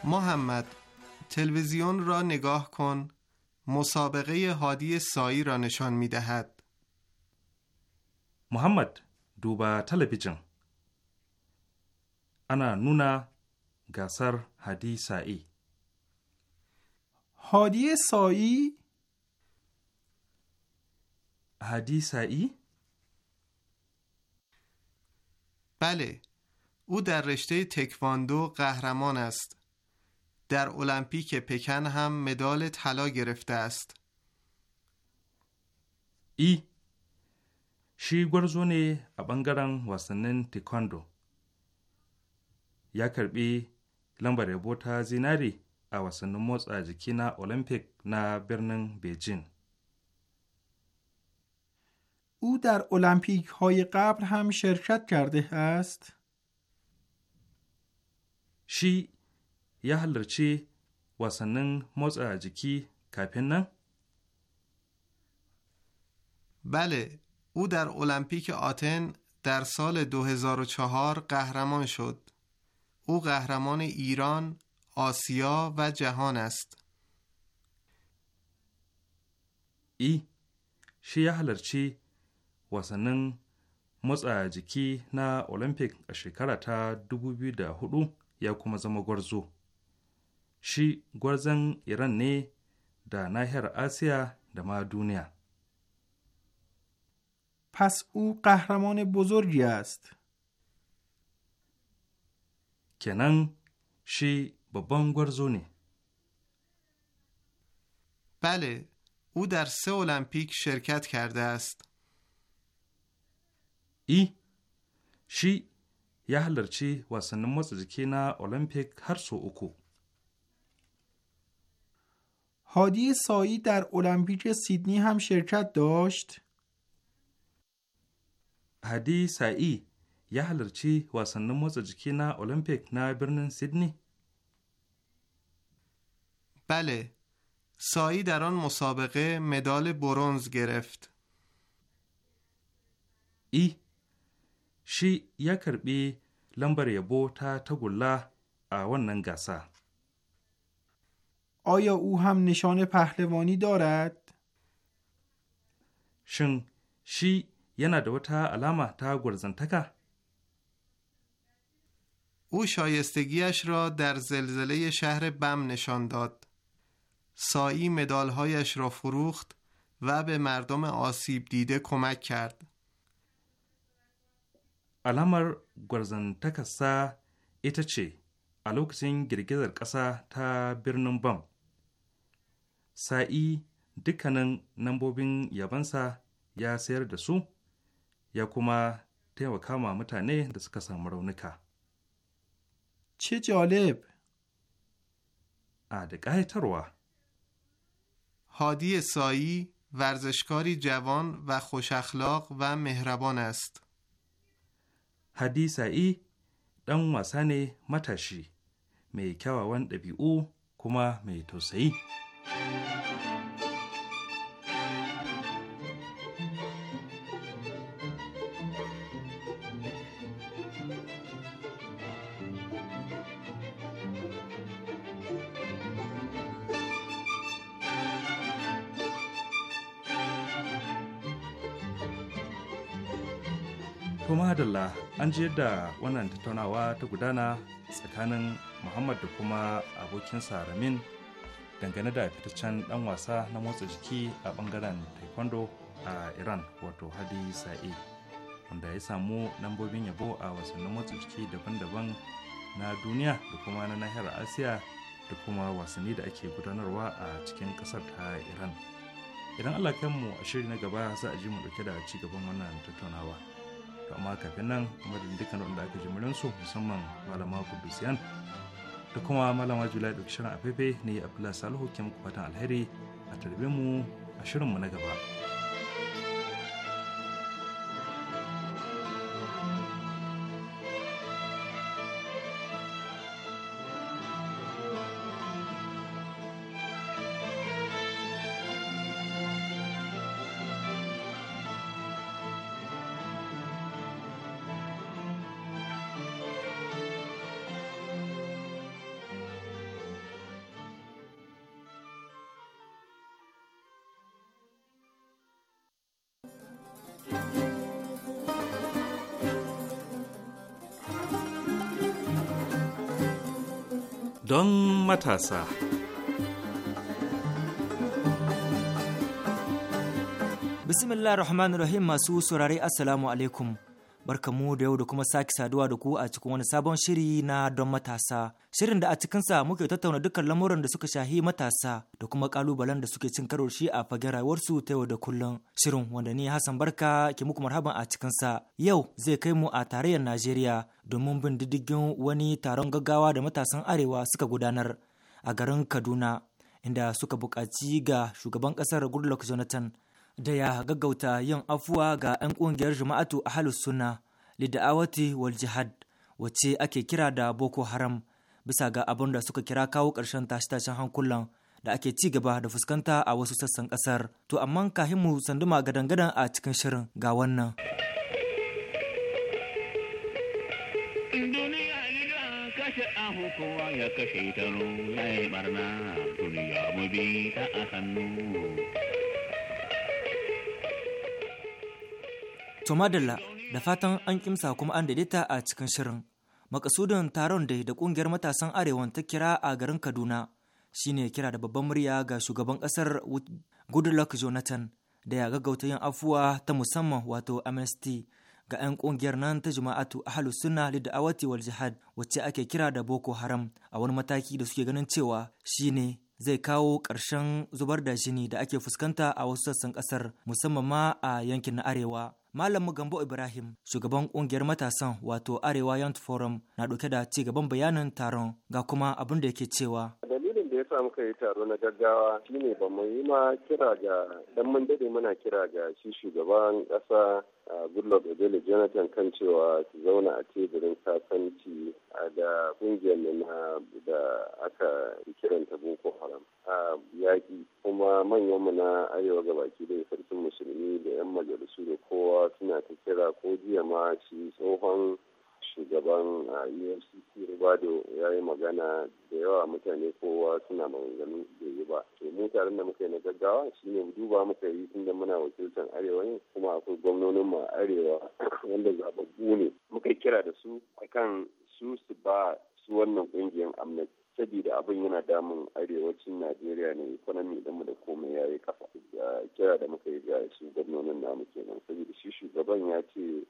Speaker 5: محمد تلویزیون را نگاه کن مسابقه هادی سایی را
Speaker 3: نشان می دهد محمد دوبا تلویزیون انا نونا گسر هادی سایی
Speaker 6: هادی سایی هادی سایی
Speaker 5: بله او در رشته تکواندو قهرمان است در المپیک پکن هم مدال طلا گرفته است.
Speaker 3: ای شی گورزونی ا بنگران واسنن تکواندو یا کربی لمبر بوتا زیناری ا واسنن موتسا جکینا المپیک نا برنن بیجین
Speaker 6: او در المپیک های قبل هم شرکت کرده است
Speaker 3: شی ی حلرچی وسنی موع ا جیکی کافن
Speaker 5: بله او در المپیک آتن در سال دو قهرمان شد او قهرمان ایران آسیا
Speaker 3: و جهان است ای شی یه چی واسه موسع ا جکی نه الیمپیک ا شیکرا ده دبو یا کوم زمه گورزو شی گرزن ایران نه در نهر آسیا دما ماه دنیا پس او قهرمان بزرگی است کنن شی بابان گرزونی بله او در سه المپیک شرکت کرده است ای شی یه halarci و motsa jiki اولمپیک هر سو
Speaker 6: هادی سایی در المپیک سیدنی هم شرکت داشت؟ هادی سایی یه
Speaker 3: چی wasannin motsa نه المپیک اولمپیک نه سیدنی. بله. سایی در آن مسابقه مدال برونز گرفت. ای شی یکر بی لمبر یبو تا تگولا ا ونن
Speaker 6: آیا او هم نشان پهلوانی دارد؟
Speaker 3: شن شی یه ندوتا تا گرزن او شایستگیش را در زلزله شهر بم
Speaker 5: نشان داد. سایی مدالهایش را فروخت و به مردم
Speaker 3: آسیب دیده کمک کرد. alamar gwarzantakarsa ita ce a lokacin تا ƙasa بم. sa’i dukkanin nambobin yabansa ya sayar da su, ya kuma taimaka ma mutane da suka samu raunuka. Cijolib! A da ƙayatarwa. Hadiyya sa’i, warzashkari jawon wa khushakhlaq wa mehraban ast. sa’i, ɗan wasa ne matashi, mai kyawawan ɗabi’u kuma mai tausayi. kuma Adalla an ji yadda wannan tattaunawa ta gudana tsakanin Muhammad da kuma abokinsa Ramin dangane da fitaccen dan wasa na motsa jiki a bangaren taekwondo a iran wato hadi sa'i wanda ya samu lambobin yabo a wasannin motsa jiki daban-daban na duniya da kuma na nahiyar asiya da kuma wasanni da ake gudanarwa a cikin kasar ta iran idan allah kanmu a shiri na gaba za a ji mu dauke da ci gaban wannan tattaunawa to amma kafin nan madadin dukkan wanda aka ji murinsu musamman malama kudusiyan da kuma malama julai da shirin afefe ne a fila alhokin fatan alheri a tarbe mu a shirinmu na gaba. don matasa.
Speaker 7: Bismillah Rahman Rahim masu saurare Assalamu alaikum. barka mu da yau da kuma sake saduwa da ku a cikin wani sabon shiri na don matasa. Shirin da a cikinsa muke tattauna dukkan lamuran da suka shahi matasa da kuma kalubalen da suke cin karo shi a fagen rayuwarsu ta yau da kullum. Shirin wanda ni Hassan Barka ke muku marhaban a cikinsa. Yau zai kai mu a tarayyar Najeriya domin bin diddigin wani taron gaggawa da matasan Arewa suka gudanar a garin Kaduna inda suka buƙaci ga shugaban ƙasar Goodluck Jonathan da ya gaggauta yin afuwa ga 'yan ƙungiyar jama'atu a halus suna lida'awati wal jihad wacce ake kira da boko haram bisa ga abin da suka kira kawo ƙarshen tashe-tashen hankulan da ake ci gaba da fuskanta a wasu sassan ƙasar to amma kahin mu sanduma gadan a cikin shirin ga wannan
Speaker 8: kowa ya kashe ta ya barna duniya mu bi ta a hannu
Speaker 7: To madalla da fatan an kimsa kuma an daidaita a cikin shirin. Makasudin taron da da kungiyar matasan arewa ta kira a garin Kaduna shine kira da babban murya ga shugaban kasar Goodluck Jonathan da ya gaggauta yin afuwa ta musamman wato amnesty ga 'yan kungiyar nan ta juma'atu ahlus sunna awati wal jihad wacce ake kira da Boko Haram a wani mataki da suke ganin cewa shine zai kawo ƙarshen zubar da jini da ake fuskanta a wasu sassan ƙasar musamman ma a yankin na arewa. Malam Gambo Ibrahim, shugaban kungiyar matasan wato Arewa Youth Forum na ɗauke da ci gaban bayanin taron ga kuma abin da yake cewa.
Speaker 9: ya sa muka yi taro na gaggawa shine ba mu yi ma kira ga dan mun dade muna kira ga shi shugaban kasa a Goodluck Ebele Jonathan kan cewa su zauna a teburin a da kungiyar na da aka kiranta Boko Haram a yaƙi kuma manyan mu na arewa gabaki da sarkin musulmi da 'yan majalisu da kowa suna ta kira ko jiya ma shi tsohon shugaban efcc rubado ya yi magana da yawa mutane kowa suna maganganu da yi ba to mu tare da muka yi na gaggawa ne duba muka yi tun da muna wakiltar arewa ne kuma akwai gwamnonin mu arewa *coughs* wanda zababbu ne muka kira da su akan su su ba su wannan kungiyar amnesty saboda abin yana damun arewacin najeriya ne ikonomi idan mu da komai ya yi kafa kira da muka yi ga su gwamnonin namu kenan saboda shi shugaban ya ce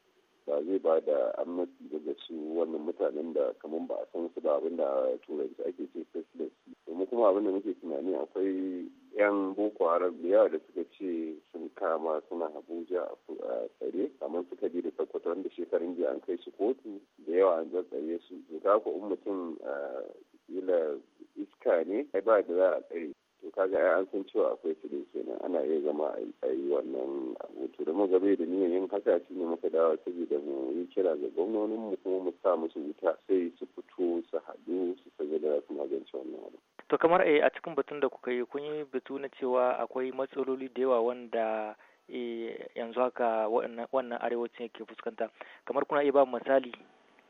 Speaker 9: ba zai ba da amnesty daga su wannan mutanen da kamar ba a san su ba abinda turanci ake ce faceless domin kuma abin da muke tunani akwai yan boko haram da yawa da suka ce sun kama suna abuja a tsare kamar suka je da sakkwato da shekarun jiya an kai su kotu da yawa an tsare su to ko in mutum kila iska ne ai ba da za a tsare to kaga ai an san cewa akwai su kenan ana iya zama a wannan abu to da magabe da niyan yin haka shi ne muka dawo saboda mu yi kira ga gwamnonin mu kuma mu sa musu wuta sai su fito su haɗu su sage da su magance wannan abu.
Speaker 10: To
Speaker 7: kamar eh, a cikin batun da kuka yi kun yi batu na cewa akwai matsaloli da yawa wanda eh, yanzu haka wannan arewacin yake fuskanta kamar kuna iya ba misali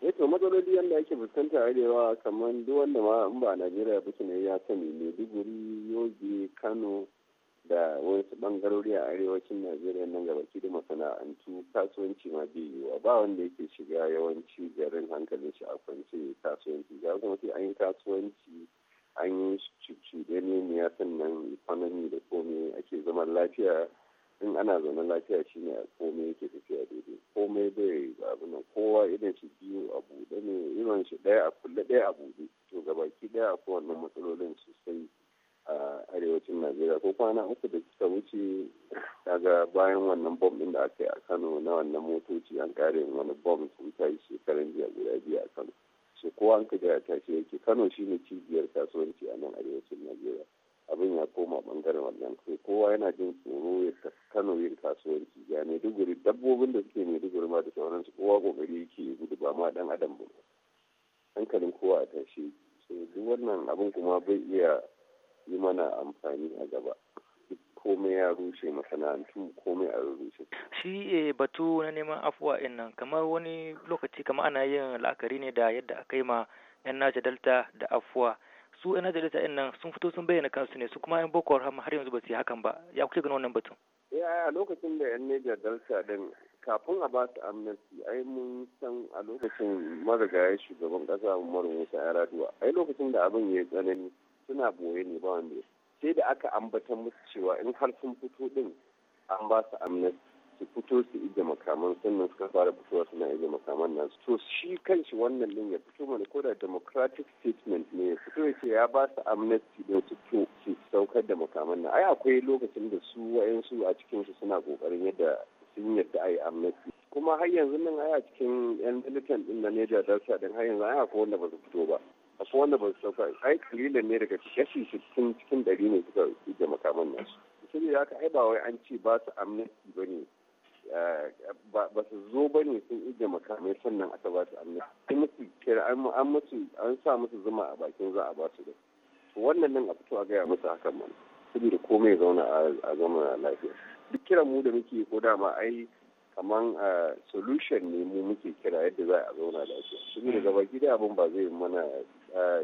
Speaker 9: ya eh, to matsaloli yadda ake fuskanta arewa kamar duk wanda ma in ba najeriya ba ne ya sani ne duguri yobe kano da wasu bangarori a arewacin najeriya nan gabaki da masana'antu kasuwanci ma bai wa ba wanda yake shiga yawanci garin hankalin shi a kwance kasuwanci ga kuma sai an yi kasuwanci an yi cucuɗaniya sannan economy da komai ake zaman lafiya in ana zaune lafiya shine a komai yake tafiya daidai komai bai abu nan kowa idan shi biyu a buɗe ne irin shi ɗaya a kulle ɗaya a bude to gabaki ɗaya a kowannan matsalolin sosai a arewacin najeriya ko kwana uku da suka wuce daga bayan wannan bom din da aka yi a kano na wannan motoci an kare wani bom sun yi shekaran jiya guda biyu a kano shi kowa an kaji a tashi yake kano shine cibiyar kasuwanci a nan arewacin najeriya abin ya koma bangaren wannan sai kowa yana jin tsoro ya kano yin kasuwanci ya duguri dabbobin da suke ne duguri ma da sauransu kowa kokari yake gudu ba ma dan adam ba hankalin kowa a tashi sai duk wannan abin kuma bai iya yi mana amfani a gaba komai ya rushe masana'antu komai a rushe
Speaker 7: shi eh, batu na neman afuwa nan kamar wani lokaci kamar ana yin la'akari ne da yadda aka yi ma 'yan naja delta da afuwa su 'yan naja delta nan sun fito sun bayyana kansu ne su kuma 'yan boko haram har yanzu ba su yi hakan ba ya kuke ganin wannan batun
Speaker 9: eh, a lokacin da 'yan naja delta din kafin a ba su amnesty ai mun san a lokacin marigayi shugaban kasa umaru musa ya raduwa ai lokacin da abin ya tsanani suna boye ne ba wanda sai da aka ambata musu cewa in har sun fito din an ba su amnes su fito su ije makaman sannan suka fara fitowa suna ije makaman nan to shi shi wannan din ya fito mana ko da democratic statement ne ya fito ya ce ya ba su amnesty don su fito su saukar da makaman nan ai akwai lokacin da su wayansu a cikin su suna kokarin yadda sun yadda ai amnesty kuma har yanzu nan ai a cikin yan militant din na Niger Delta din har yanzu ai akwai wanda ba su fito ba kasu wanda ba su sauka ai kalilan ne daga kashi sittin cikin dari ne suka ije makaman nasu saboda haka ai ba wai an ce ba su amnesty ba ne eh, ba su zo ba ne sun ije makamai sannan aka ba su amnesty an musu kira an musu an sa musu zuma a bakin za a ba su da wannan nan a fito a gaya musu hakan mana sabida komai zauna a zama lafiya duk kiran mu da muke ko dama ai kaman eh, solution ne mu muke kira yadda za a zauna lafiya da gaba gida abin ba zai mana eh,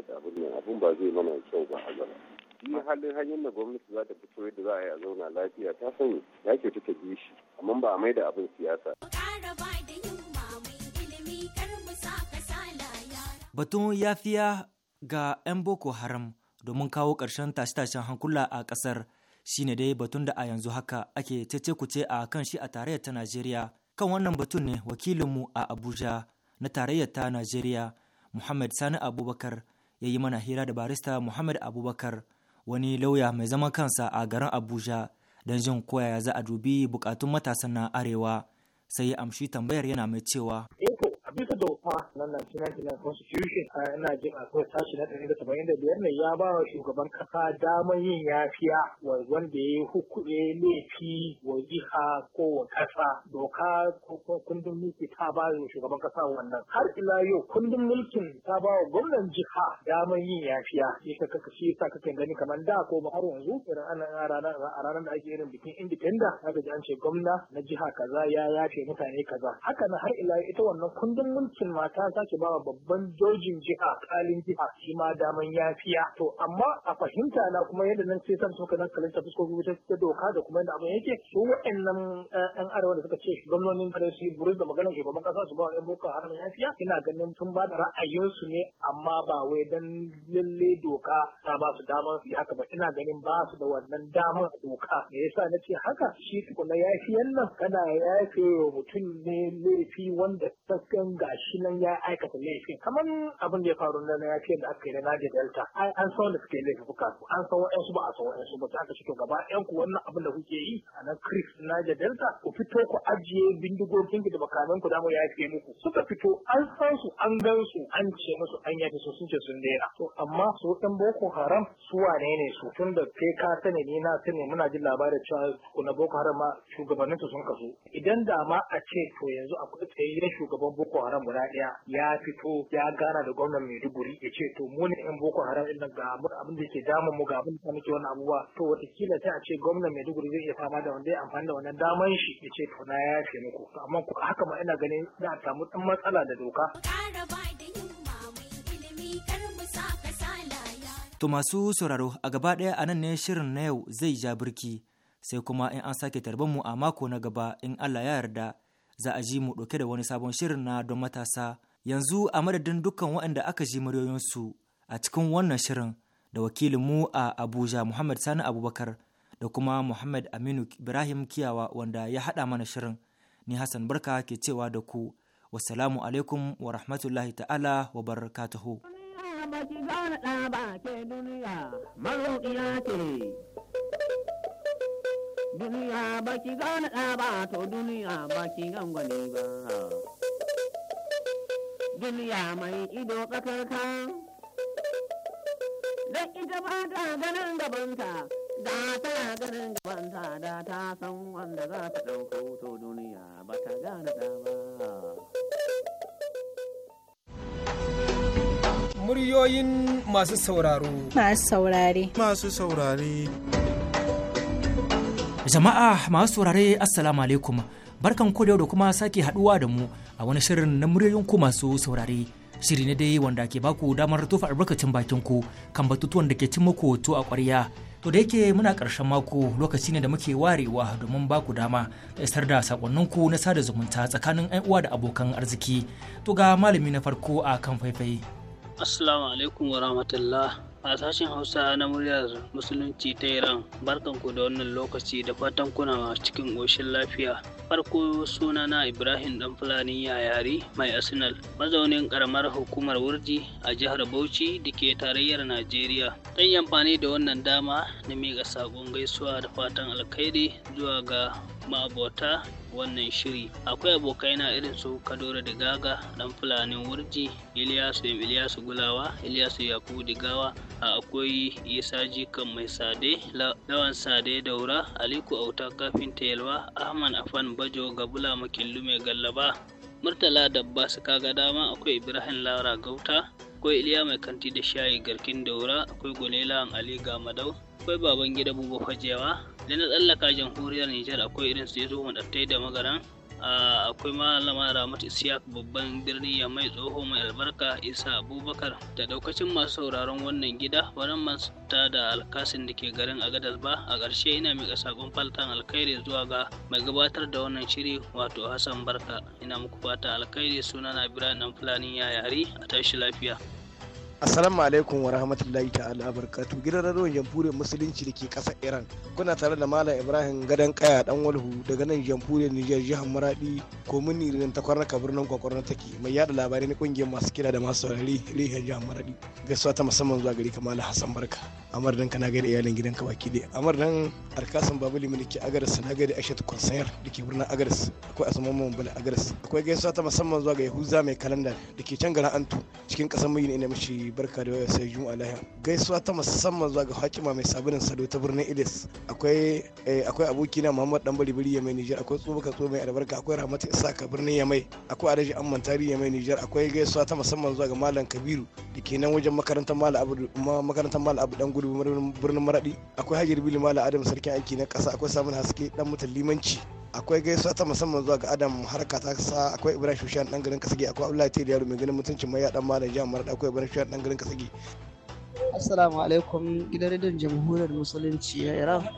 Speaker 9: abin ba zai mana kyau ba a gaba halin hanyar da gwamnati za ta fito yadda za a yi a zauna lafiya ta sani ya ke fita bi shi amma ba a mai da abin siyasa
Speaker 7: batun yafiya ga 'yan boko haram domin kawo ƙarshen tashe-tashen hankula a ƙasar shine dai batun da a yanzu haka ake cece kuce a kan shi a tarayyar ta Najeriya. Kan wannan batun ne wakilinmu a Abuja na tarayyar ta Najeriya Muhammad Sani Abubakar ya yi mana hira da barista Muhammad Abubakar wani lauya mai zama kansa a garin Abuja don jin koyaya za a dubi bukatun matasan na Arewa. sai ya amshi tambayar yana mai cewa
Speaker 11: eh, duka doka na 1999 constitution a ina jin akwai tashi na biyar ne ya ba wa shugaban kasa damar yin yafiya wa wanda ya yi hukuɗe laifi wa jiha ko wa kasa doka ko kundin mulki ta ba wa shugaban kasa wannan har ila yau kundin mulkin ta ba wa gwamnan jiha damar yin yafiya shi ka kaka shi yasa kake gani kamar da ko ma har yanzu irin ana a ranar da ake irin bikin independent haka ji an ce gwamna na jiha kaza ya yafe mutane kaza haka na har ila ita wannan kundin cikin mulkin mata sake bawa babban jojin jiha kalin jiha shi ma daman yafiya to amma a fahimta na kuma yadda nan sai san suka nan kalanta fuskoki ta ta doka da kuma yadda abin yake su wa'annan ɗan eh, arewa da suka ce gwamnonin kare su burus da maganar shugaban kasa su bawa ɗan boko haram yafiya ina ganin sun ba da ra'ayinsu ne amma ba wai dan lalle doka ta ba su dama su haka ba ina ganin ba su da wannan damar doka me yasa na ce haka shi tukuna yafiyan nan kana yafe wa mutum ne laifi wanda taskan shi nan ya aikata laifin kamar abin da ya faru na na ce da aka yi na Nadia Delta an san da suke laifi fuka su an san wa'ansu ba a san wa'ansu ba aka shito gaba ɗan ku wannan abin da kuke yi a nan Chris Nadia Delta ku fito ku ajiye bindigogin ki da bakanan ku da mu yafi muku suka fito an san su an gan su an ce musu an yafi su sun ce sun daina to amma su ɗan Boko Haram su wane ne su tun da kai ka sani ni na sani muna jin labarin cewa kuna Boko Haram ma shugabanninsu sun kasu idan da ma a ce to yanzu akwai tsayayyen shugaban Boko boko haram guda ɗaya ya fito ya gana da gwamnan maiduguri ya ce to mu ne yan boko haram ɗin ga abin da ke damun mu ga abin da muke wannan abubuwa to watakila sai a ce gwamnan maiduguri zai iya fama da wanda ya amfani da wannan daman shi ya ce to na ya yafe muku amma haka ma ina ganin za a samu ɗan matsala da doka.
Speaker 7: To masu sauraro a gaba ɗaya a nan ne shirin na yau zai ja birki sai kuma in an sake tarbar mu a mako na gaba in Allah ya yarda za a ji mu ɗauke da wani sabon shirin na don matasa yanzu a madadin dukkan waɗanda aka ji muryoyinsu a cikin wannan shirin da wakilinmu a abuja muhammad sani abubakar da kuma muhammad aminu ibrahim kiyawa wanda ya haɗa mana shirin ni hassan barka ke cewa da ku wasalamu alaikum wa rahmatullahi ta'ala wa barakatuhu.
Speaker 12: duniya baki gane ɗa ba to duniya baki gangwani ba duniya mai ido ka da ita ba ta ganin gabanta da ta ganin gabanta da ta san wanda za ta ɗauko to duniya ba ta gane ɗa ba
Speaker 2: muryoyin masu sauraro.
Speaker 4: Masu saurare. Masu saurare.
Speaker 7: Jama'a masu saurare Assalamu alaikum barkan ku da kuma sake haduwa da mu a wani shirin na muryoyin ku masu saurare. Shiri ne dai wanda ke baku damar tofa albarkacin bakin ku kan batutuwan da ke cin muku to a ƙwarya. To da yake muna karshen mako lokaci ne da muke warewa domin baku dama da isar da sakonnin ku na sada zumunta tsakanin ƴan uwa da abokan arziki. To ga malami na farko a kan faifai.
Speaker 13: Assalamu alaikum wa rahmatullah. a sashen hausa na muryar musulunci ta iran barkanku da wannan lokaci da fatan kuna cikin ƙoshin lafiya farko suna na ibrahim dan fulani yayari mai arsenal mazaunin karamar hukumar wurji a jihar bauchi da ke tarayyar najeriya dan amfani da wannan dama na miƙa saƙon gaisuwa da fatan alkhairi zuwa ga mabota wannan shiri akwai abokai na irin su kadoro da gaga dan fulanin wurji iliyasu iliyasu gulawa iliyasu yakubu digawa a akwai isa jikan mai sade lawan sade daura aliku auta kafin yalwa ahman afan bajo gabula makillu mai gallaba murtala dabba su kaga dama akwai ibrahim lara gauta akwai iliya mai kanti da shayi garkin daura akwai gulela ali gamadau akwai baban gida buba fajewa da na tsallaka jamhuriyar nijar akwai irin su yazo madattai da magaran akwai malama ramatu isiyak babban birni ya mai tsoho mai albarka isa abubakar da daukacin masu sauraron wannan gida baran masta da alkasin da ke garin agadas ba a ƙarshe ina mika sabon faltan alkhairi zuwa ga mai gabatar da wannan shiri wato hassan barka ina muku fata alkhairi sunana ibrahim fulani ya yari a tashi lafiya
Speaker 14: Assalamu alaikum wa rahmatullahi ta'ala barkatu gidan radon jamhuriyar musulunci da ke ƙasar Iran. Kuna tare da Malam Ibrahim gadon Kaya Dan Walhu daga nan jamhuriyar Nijar jihar Maradi komini da ta kwarnaka birnin kwakwarna take mai yada labarai na kungiyar masu kira da masu saurari rihar jihar Maradi. Gaisuwa ta musamman zuwa gari kamar Hassan Barka. Amar dan kana gari iyalin ka baki dai. Amar dan Arkasan Babali mu ke Agaris na gari Aisha Konsayar ke birnin Agaris. Akwai Asman bala Agaris. Akwai gaisuwa ta musamman zuwa ga Yahuza mai kalanda ke can garin Antu cikin ƙasar Mayin ina mashi barka da waya sai juma'a lahiya gaisuwa ta musamman zuwa ga hakima mai sabunin sado ta birnin idis akwai eh, akwai abokina muhammad dan bari ya mai nijar akwai ka tso mai albarka akwai rahmatu ka birnin ya mai akwai alhaji amman tari ya mai nijar akwai gaisuwa ta musamman zuwa ga malam kabiru da ke nan wajen makarantar malam abu makarantar malam abu dan gudu birnin maradi akwai hajjar bili malam adam sarkin aiki na kasa akwai samun haske dan mutan limanci akwai gaisuwa ta musamman zuwa ga adam harka ta sa akwai ibrahim shushan dan garin kasige akwai abdullahi tiri yaro mai ganin mutuncin mai dan malam jihar marada akwai ibrahim shushan dan garin kasige
Speaker 15: assalamu alaikum gidan rediyon jamhuriyar musulunci ya iran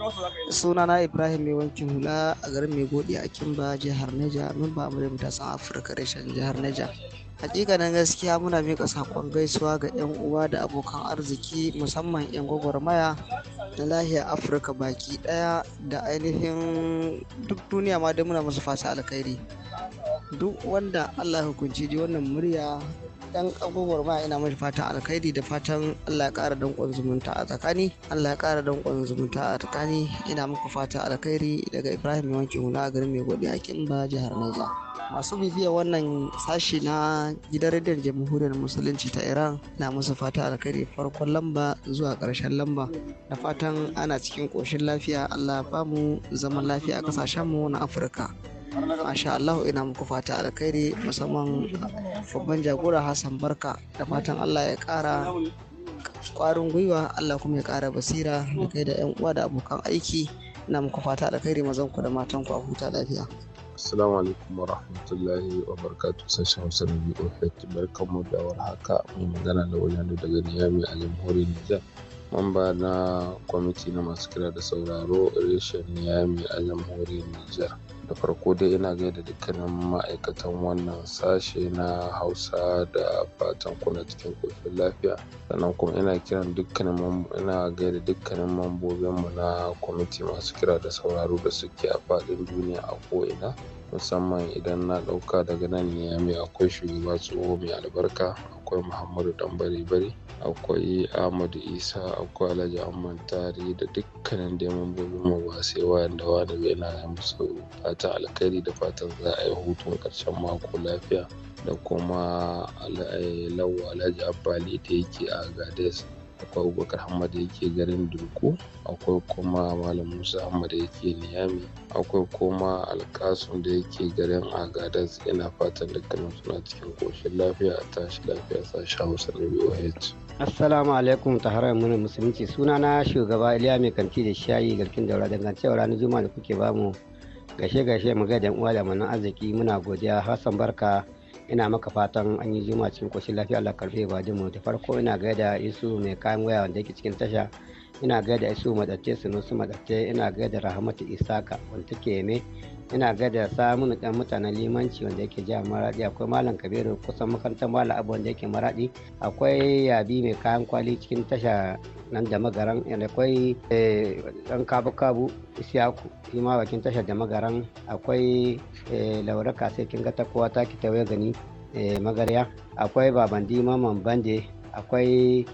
Speaker 15: na ibrahim mai wankin hula a garin mai godi a kimba jihar neja mun ba mu da mutasan afirka reshen jihar neja hakikanin gaskiya muna mika sakon gaisuwa ga 'yan uwa da abokan arziki musamman 'yan gwagwarmaya na lahiyar afirka baki ɗaya da ainihin duk duniya ma dai muna musu fasa alkhairi duk wanda allah hukunci ji wannan murya dan abubuwar ma ina mashi fata alkhairi da fatan Allah ya kara dankon zumunta a tsakani Allah ya kara dankon zumunta a tsakani ina muku fata alkhairi daga Ibrahim Yawanci Huna garin Mai Godi a Kimba jihar Niger masu bibiya wannan sashi na gidan rediyon jamhuriyar musulunci ta iran na musu fata alkhairi farkon lamba zuwa karshen lamba da fatan ana cikin ƙoshin lafiya allah mu zaman lafiya a ƙasashenmu na afirka masha Allah ina muku fata alkhairi musamman babban jagora Hassan Barka da fatan Allah ya ƙara kwarin gwiwa Allah kuma ya kara basira da kai da 'yan uwa da abokan aiki ina muku fata alkhairi ku da matanku a huta lafiya.
Speaker 16: Assalamu alaikum wa rahmatullahi wa barakatu sashen Hausa na barkanmu da warhaka mai magana da wani daga Niyami a jamhuriyar Nijar. Mamba na kwamiti na masu kira da sauraro reshen Niyami a jamhuriyar Nijar. da farko dai ina gaida dukkanin ma'aikatan wannan sashe na hausa da fatan kuna cikin kofin lafiya sannan kuma ina kiran dukkanin ina gaida dukkanin mambobinmu na kwamiti masu kira da sauraro da suke a faɗin duniya a ko'ina musamman idan na ɗauka daga nan mai akwai shugaba tsoho mai albarka akwai muhammadu ɗan bari bari akwai ahmadu isa akwai alhaji ahmad tari da dukkanin da mambobin mu ba sai wanda wani bai na musu fatan alkhairi da fatan za a yi hutun ƙarshen mako lafiya da kuma eh, alhaji abbali da yake a gades akwai abubakar hamad da yake garin durko akwai kuma malam musa hamad da yake niyami akwai kuma alkasun da yake garin agadas ina fatan dukkanin suna cikin koshin lafiya a tashi lafiya sashi hausa na boh
Speaker 17: assalamu alaikum ta harar muna musulunci suna na shugaba iliya mai kanti da shayi garkin daura dangancewa ranar juma'a da kuke bamu gashe gashe mu ga uwa da manan arziki muna godiya hassan barka ina maka fatan an yi juma cikin koshin lafiya Allah karfe ba mu da farko ina gaida isu mai kayan waya wanda yake cikin tasha ina gaida isu madatte Sunusu madatte ina gaida Rahmatu Isaka wanda take yeme ina gada samun dan mutanen limanci wanda yake jihar maradi akwai malam kabiru kusan makarantar malam abu wanda yake maradi akwai yabi mai kayan kwali cikin tasha nan da magaran akwai dan eh, kabu kabu isiyaku shi ma bakin da magaran akwai eh, laura kasai kin ga ta kowa ta ki ta gani eh, magarya akwai baban dimaman bande akwai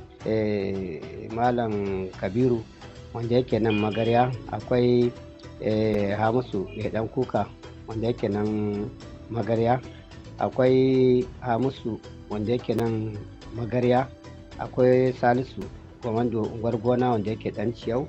Speaker 17: malam kabiru wanda yake nan magarya akwai hamisu eh, mai dan kuka wanda yake nan magarya akwai hamisu wanda yake nan magarya akwai salisu kwamando unguwar gona wanda yake dan ciyau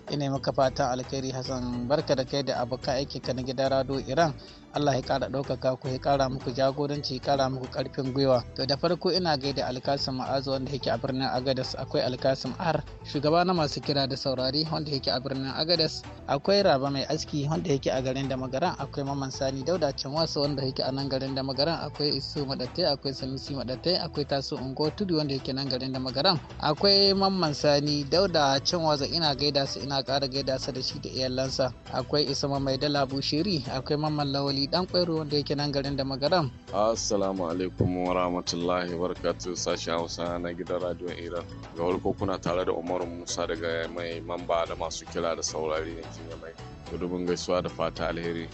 Speaker 18: ina maka fatan alkhairi hassan barka da kai da abokan aiki ka na gidan rado iran Allah ya kara ɗaukaka ku ya kara muku jagoranci ya kara muku karfin gwiwa to da farko ina gaida alkasim ma'azu wanda yake a birnin agadas akwai alkasim ar shugaba na masu kira da saurari wanda yake a birnin agadas akwai raba mai aski wanda yake a garin da magaran akwai maman sani dauda wasu wanda yake a nan garin da magaran akwai isu madatai akwai sanusi madatai akwai taso ungo tudu wanda yake nan garin da magaran akwai mamman sani dauda canwaza ina gaida su ina kara gaida su da shi da iyalansa akwai isa Mamaidala bushiri akwai Maman lawali Ali Dan Kwairo wanda yake nan garin da magaram.
Speaker 19: Assalamu alaikum wa rahmatullahi barkatu sashen Hausa na gidan Radio Iran. Ga farko kuna tare da Umaru Musa daga mai mamba da masu kira da saurari ne kinya mai. Gudubin gaisuwa da fata alheri.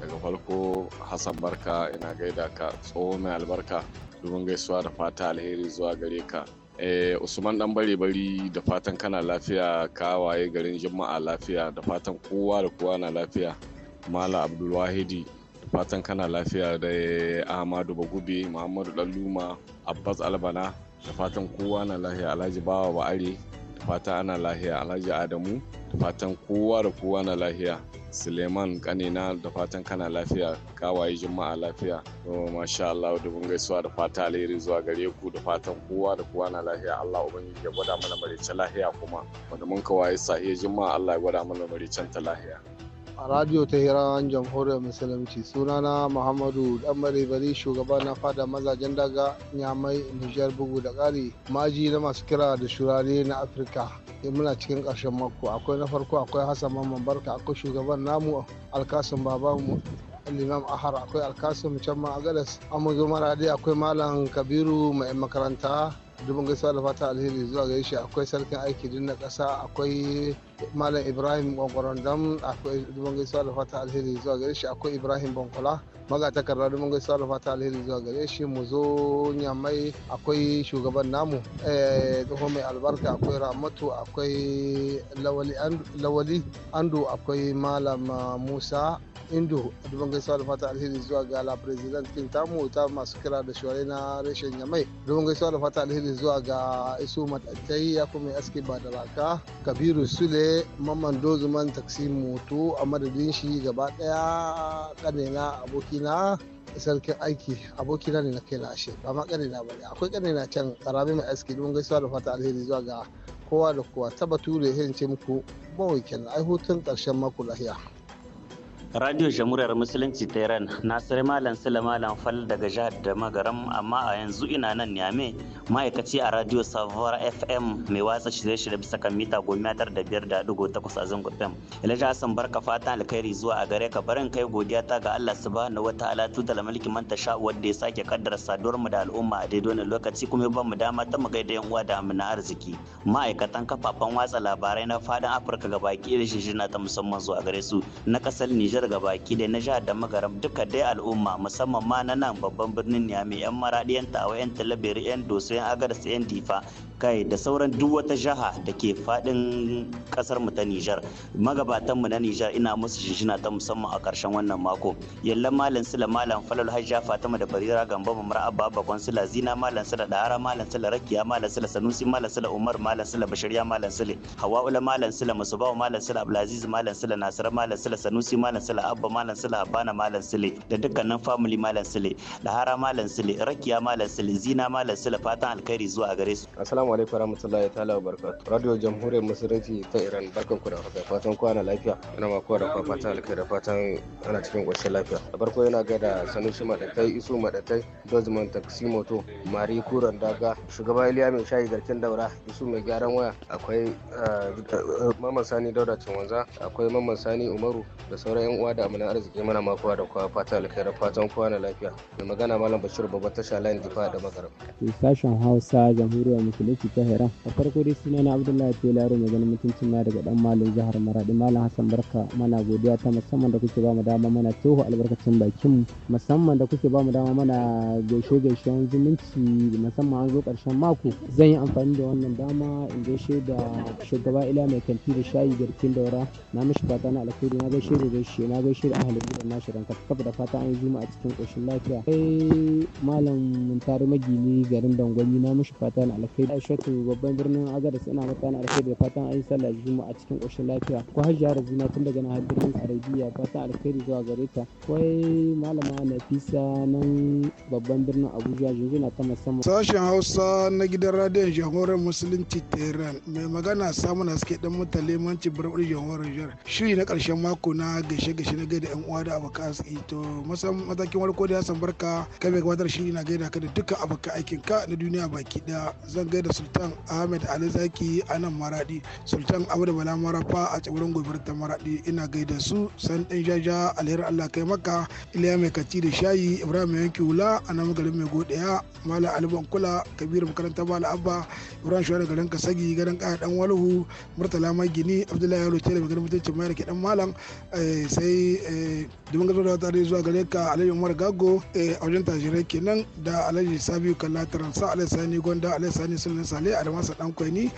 Speaker 19: Daga farko Hassan Barka ina gaida ka tsoho mai albarka. Gudubin gaisuwa da fata alheri zuwa gare ka. Eh, usman dan bare bari da fatan kana lafiya ka waye garin juma'a lafiya da fatan kowa da kowa na lafiya mala abdulwahidi fatan kana lafiya da ahmadu bagubi muhammadu ɗanluma abbas albana da fatan kowa na lahiya alhaji bawa ba'ari da fata ana lahiya alhaji adamu da fatan kowa da kowa na lahiya suleiman kanina da fatan kana lafiya kawaye juma'a lafiya to masha Allah da mun gaisuwa da fata alheri zuwa gare ku da fatan kowa da kowa na lafiya Allah ubangiji ya gwada mana marece lafiya kuma wanda mun kawaye sahiya juma'a Allah ya gwada mana marecen ta lafiya
Speaker 20: a radio ta hiran jamhuriyar musulunci sunana muhammadu dan bari shugaban na fada mazajen daga nyamai nijar bugu da ƙari maji na masu kira da shurare na afirka eh, muna cikin ƙarshen mako akwai na farko akwai hassan mamman barka akwai shugaban namu alkasin babanmu limam ahar akwai alkasim can ma agadas amurzo maradi akwai malam kabiru mai makaranta dubin gaisuwa da fata alheri zuwa gare shi akwai sarkin aiki din na kasa akwai malam ibrahim gwagwarandam akwai dubin gaisuwa da fata alheri zuwa gare shi akwai ibrahim bankola magatakarda dubin gaisuwa da fata alheri zuwa gare shi mu zo nyamai akwai shugaban namu eh, tsohon mai albarka akwai ramatu akwai lawali andu akwai malam ah, musa indo dubban gaisuwa da fata alheri zuwa ga la president king tamu ta masu kira da shuwari na reshen yamai dubban gaisuwa da fata alheri zuwa ga isu matattai ya kuma aski ba da raka kabiru sule mamman dozuman taksi moto a madadin shi gaba daya kanina abokina sarkin aiki abokina ne na kai na ashe ba ma kanina ba ne akwai kanina can karami mai aski dubban gaisuwa da fata alheri zuwa ga kowa da kowa tabbatu da hin ce muku ba weekend ai hutun karshen mako lahiya
Speaker 8: Radio Jamhuriyar Musulunci ta Iran na Malam Sule Malam Fal daga jihar da Magaram amma a yanzu ina nan Niamey ma'aikaci a Radio Savar FM mai watsa shirye-shirye bisa kan mita goma tar da biyar da dugo takwas a zango FM. Ilaja Hassan barka fatan alkhairi zuwa a gare ka barin kai godiya ta ga Allah na Wata subhanahu wataala tutal mulki man tasha wanda ya sake kaddara saduwar mu da al'umma a daidai wannan lokaci kuma ya mu dama ta mu gaida yan uwa da na arziki. Ma'aikatan kafafen watsa labarai na fadin Afirka gabaki da shi na ta musamman zuwa gare su na kasar Nijar Nijar baki da na jihar da magaram duka dai al'umma musamman ma na nan babban birnin Niamey yan maradi yan tawa yan talabiri yan dosu yan agarsa yan difa kai da sauran duk wata jaha da ke fadin kasar mu ta Nijar magabatan mu na Nijar ina musu shishina ta musamman a karshen wannan mako yalla malam sula malam falal hajja fatima da barira gamba mamar abba bakon sula zina malam sula dahara malam sula rakiya malam sula sanusi malam sula umar malam sula bashariya malam sula hawa'ula malam sula musubawa malam sula abdulaziz malam sula nasira malam sula sanusi malam sula abba malam sula habana malam sula da dukkanin family malam sula dahara malam sula rakiya malam sula zina malam sula fatan alkhairi zuwa gare su
Speaker 14: Assalamu alaikum warahmatullahi ta'ala wabarakatuh. Radio Jamhuriyar Musulunci ta Iran barkan ku da haka fatan kwana lafiya. Ina ma kowa da fatan alkai da fatan ana cikin ƙoshin lafiya. Da farko yana ga da Sanusi Madatai, Isu Madatai, Dozman moto Mari Kuran Daga, Shugaba Iliya Mai Shayi Garkin Daura, Isu Mai Gyaran Waya, akwai eh, eh, Mamman Sani Dauda Cinwanza, akwai Mamman Sani Umaru da sauran 'yan uwa da amanan arziki mana ma kowa da kowa fatan alkai da fatan kwana lafiya. Mai magana Malam Bashir Babban Tasha Layin Difa da Magaram.
Speaker 18: Sashen Hausa Jamhuriyar Musulunci musulunci ta Iran. farko dai suna na Abdullahi laro mai ganin mutuncin na daga dan Malam zahar Maradi Malam Hassan Barka mana godiya ta musamman da kuke ba mu dama mana toho albarkacin bakin mu musamman da kuke ba mu dama mana gaishe gaishen zumunci musamman an zo karshen mako zan yi amfani da wannan dama in gaishe da shugaba ila mai kanti da shayi garkin daura na mishi fata na alkhairi na gaishe da gaishe na gaishe da ahalin gidan nashi ranka kafa da fata an yi juma a cikin koshin lafiya kai malam muntari magini garin dangwani na mishi fata na alkhairi Aishatu babban birnin Agadas ina maka na alkhairi da fatan an yi sallah juma'a cikin ƙoshin lafiya ko da Razina tun daga nan birnin Arabiya fatan alkhairi zuwa gare ta kai malama Nafisa nan babban birnin Abuja yanzu na ta musamman
Speaker 21: sashen Hausa na gidan radiyon jamhuriyar musulunci Tehran mai magana samun haske dan mutale manci birnin jamhuriyar Niger shiri na karshen mako na gashe gashe na gaida yan uwa da abokan arziki to matakin warko da ya san barka kai mai gabatar shiri na gaida ka da dukkan abokan aikin ka na duniya baki daya zan gaida sultan ahmed ali zaki a nan maradi sultan abu da bala marafa a tsibirin gobe ta maradi ina gaida su san ɗan jaja alherin allah kai maka iliya mai kaci da shayi ibrahim yanki wula a nan garin mai godiya malam aliban kula kabiru makaranta bala abba ibrahim shawara garin kasagi garin kaya dan walhu murtala magini abdullahi yalo tele mai garin mutunci mai ke dan malam eh, sai eh, domin gazo da tare zuwa gare ka alhaji umar gago eh, a wajen tajirai kenan da alhaji sabiu kalla taransa alhaji sani gonda alhaji sani sunan Ibrahim Sale Adamasa Dankwaini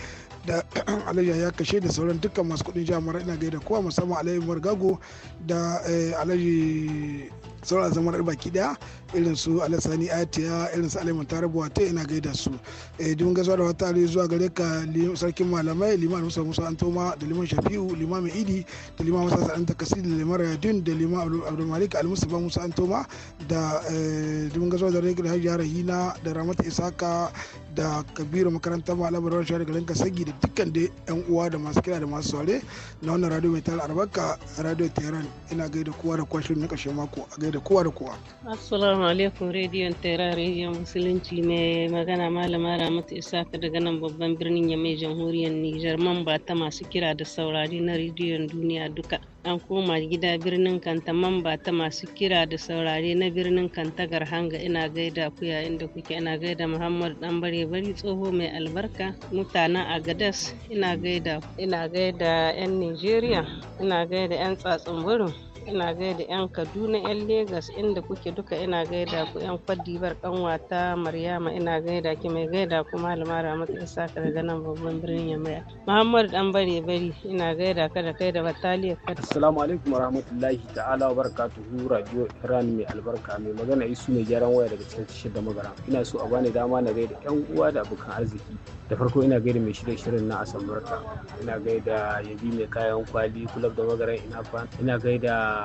Speaker 21: da *clears throat* Alayya ya kashe da sauran dukkan masu kudin jamara ina gaida kowa musamman Alayyar Margago da eh, Alayyar sauran zamar baki daya irin su alasani atiya irin su alaiman tarabuwa ta ina gaida su eh, dun gaisuwa da wata ali zuwa gare ka sarkin malamai liman musa musa antoma da liman shafi'u liman mai idi da liman musa sa'an kasi da liman rayadun da liman abdulmalik almusufa musa antoma da eh, dun gaisuwa da rege da hajiya rahina da ramata isaka da kabiru makarantar malamar rawar shari'a garin kasagi da dukkan da yan uwa da masu kira da masu saurare na wannan radio mai tara albarka radio tehran ina gaida kowa da kwashin na ƙarshen mako a da kowa da kowa.
Speaker 15: Assalamu alaikum rediyon tera rediyon musulunci mai magana malama Ramatu Isaka daga nan babban birnin Yamai jamhuriyar Nijar man ba ta masu kira da saurari na rediyon duniya duka. An koma gida birnin Kanta man ba ta masu kira da saurari na birnin Kanta Garhanga ina gaida ku yayin da kuke ina gaida Muhammad dan bare bari tsoho mai albarka mutanen Agadas ina gaida ina gaida 'yan Nijeriya ina gaida 'yan tsatsin burin ina gaida 'yan kaduna 'yan Legas inda kuke duka ina gaida ku 'yan kwadibar kanwata maryama ina gaida ki mai gaida ku malama ramatu isa daga nan babban birnin yamaya muhammad dan bare bari ina gaida ka da kai da ka
Speaker 22: assalamu alaikum warahmatullahi ta'ala wa barakatuhu radio iran mai albarka mai magana isu mai gyaran waya daga cikin tashar da ina so a bani dama na gaida 'yan uwa da abokan arziki da farko ina gaida mai shirye shirin na asambarka ina gaida yabi mai kayan kwali kulab da magaran ina ina gaida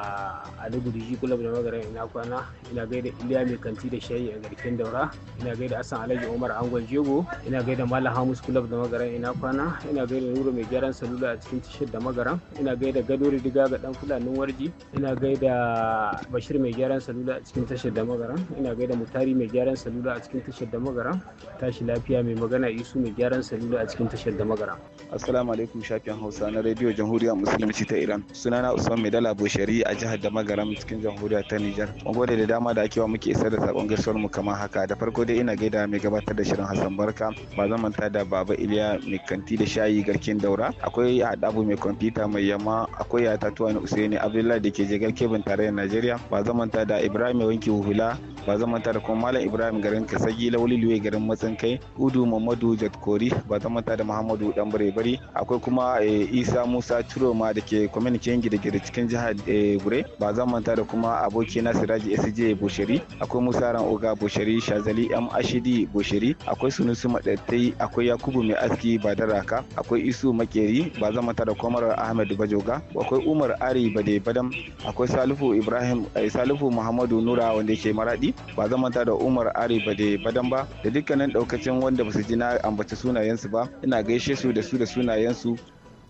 Speaker 22: Aluguri kula da Magaran ina kwana ina gaida Iliya mai kanti da shayi a garkin daura ina gaida Asan Alhaji Umar Angon Jego ina gaida Malam Hamus kulob da Magaran ina kwana ina gaida Nuru mai gyaran salula a cikin tashar da Magaran ina gaida Gadori Diga ga dan Fulanin Warji ina gaida Bashir mai gyaran salula a cikin tashar da Magaran ina gaida Mutari mai gyaran salula a cikin tashar da Magaran tashi lafiya mai magana Isu mai gyaran salula a cikin tashar da Magaran Assalamu alaikum shafin Hausa na rediyo Jamhuriyar Musulunci ta Iran sunana Usman dala bushari a jihar da Magaram cikin jamhuriya ta Nijar. Mun gode da dama da ake wa muke isar da sakon gaisuwar mu kamar haka. Da farko dai ina gaida mai gabatar da shirin Hassan Barka, ba zan manta da Baba Iliya mai kanti da shayi garkin daura. Akwai Adabu mai kwamfuta mai yamma, akwai tatuwa Tuwani Usaini Abdullahi da ke jigar kebin tarayyar Najeriya. Ba zan manta da Ibrahim mai wanki huhula, ba zan manta da kuma Malam Ibrahim garin Kasagi Lawli Luwe garin Matsin Kai, Udu Muhammadu Jatkori, ba zan manta da Muhammadu Dan Bare Akwai kuma eh, Isa Musa Turoma da ke kwamitin gida-gida cikin jihar eh, Gure ba zan manta da kuma aboki na Siraji SJ Bushiri akwai Musa Ran Oga Bushiri Shazali M Ashidi Bushiri akwai Sunusi Madattai akwai Yakubu Mai Aski Badaraka akwai Isu Makeri ba zan manta da Kwamar Ahmed Bajoga akwai Umar Ari Bade Badam akwai Salifu Ibrahim eh, Salifu Muhammadu Nura wanda yake Maradi ba zan manta da Umar Ari Bade Badam ba da dukkanin daukacin wanda basu ji na ambaci sunayensu ba ina gaishe su da su da sunayensu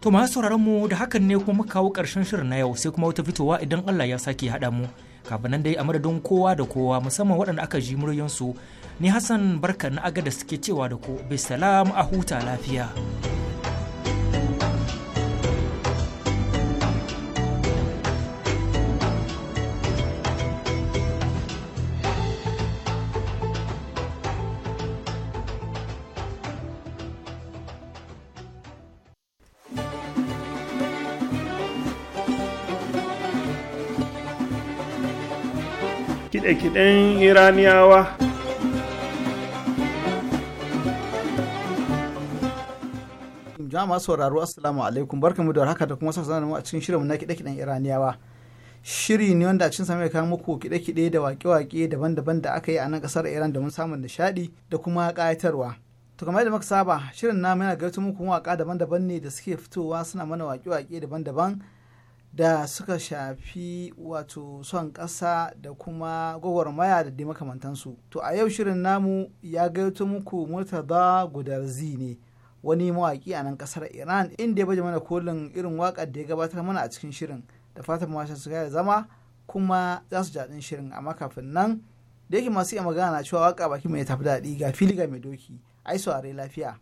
Speaker 7: To masu sauraron mu da hakan ne kuma kawo ƙarshen shirin na yau sai kuma wata fitowa idan Allah ya sake haɗa mu. Kafin nan dai a madadin kowa da kowa musamman waɗanda aka ji muryansu ni Hassan barka na aga da suke cewa da ku bisalam a huta lafiya.
Speaker 3: kiɗe-kiɗen iraniyawa
Speaker 1: jama'a sauraro assalamu alaikum barkamu da haka da kuma sa mu a cikin shirinmu na kiɗe-kiɗen iraniyawa shiri ne wanda a cikin samai kawo muku kiɗe-kiɗe da waƙe-waƙe daban-daban da aka yi a nan ƙasar Iran domin samun nishaɗi da kuma ƙayatarwa. To kamar yadda muka saba, shirin namu yana gaito muku waƙa daban-daban ne da suke fitowa suna mana waƙe-waƙe daban-daban da suka shafi wato son ƙasa da kuma gwagwarmaya da dai makamantansu. To a yau shirin namu ya gaito muku Murtada Gudarzi ne wani mawaƙi a nan ƙasar Iran inda ya baje mana kolin irin waƙar da ya gabatar mana a cikin shirin da fatan mashin su da zama kuma za su jaɗin shirin amma kafin nan da yake masu iya magana na cewa waƙa baki mai tafi daɗi ga fili ga mai doki ai saurare lafiya.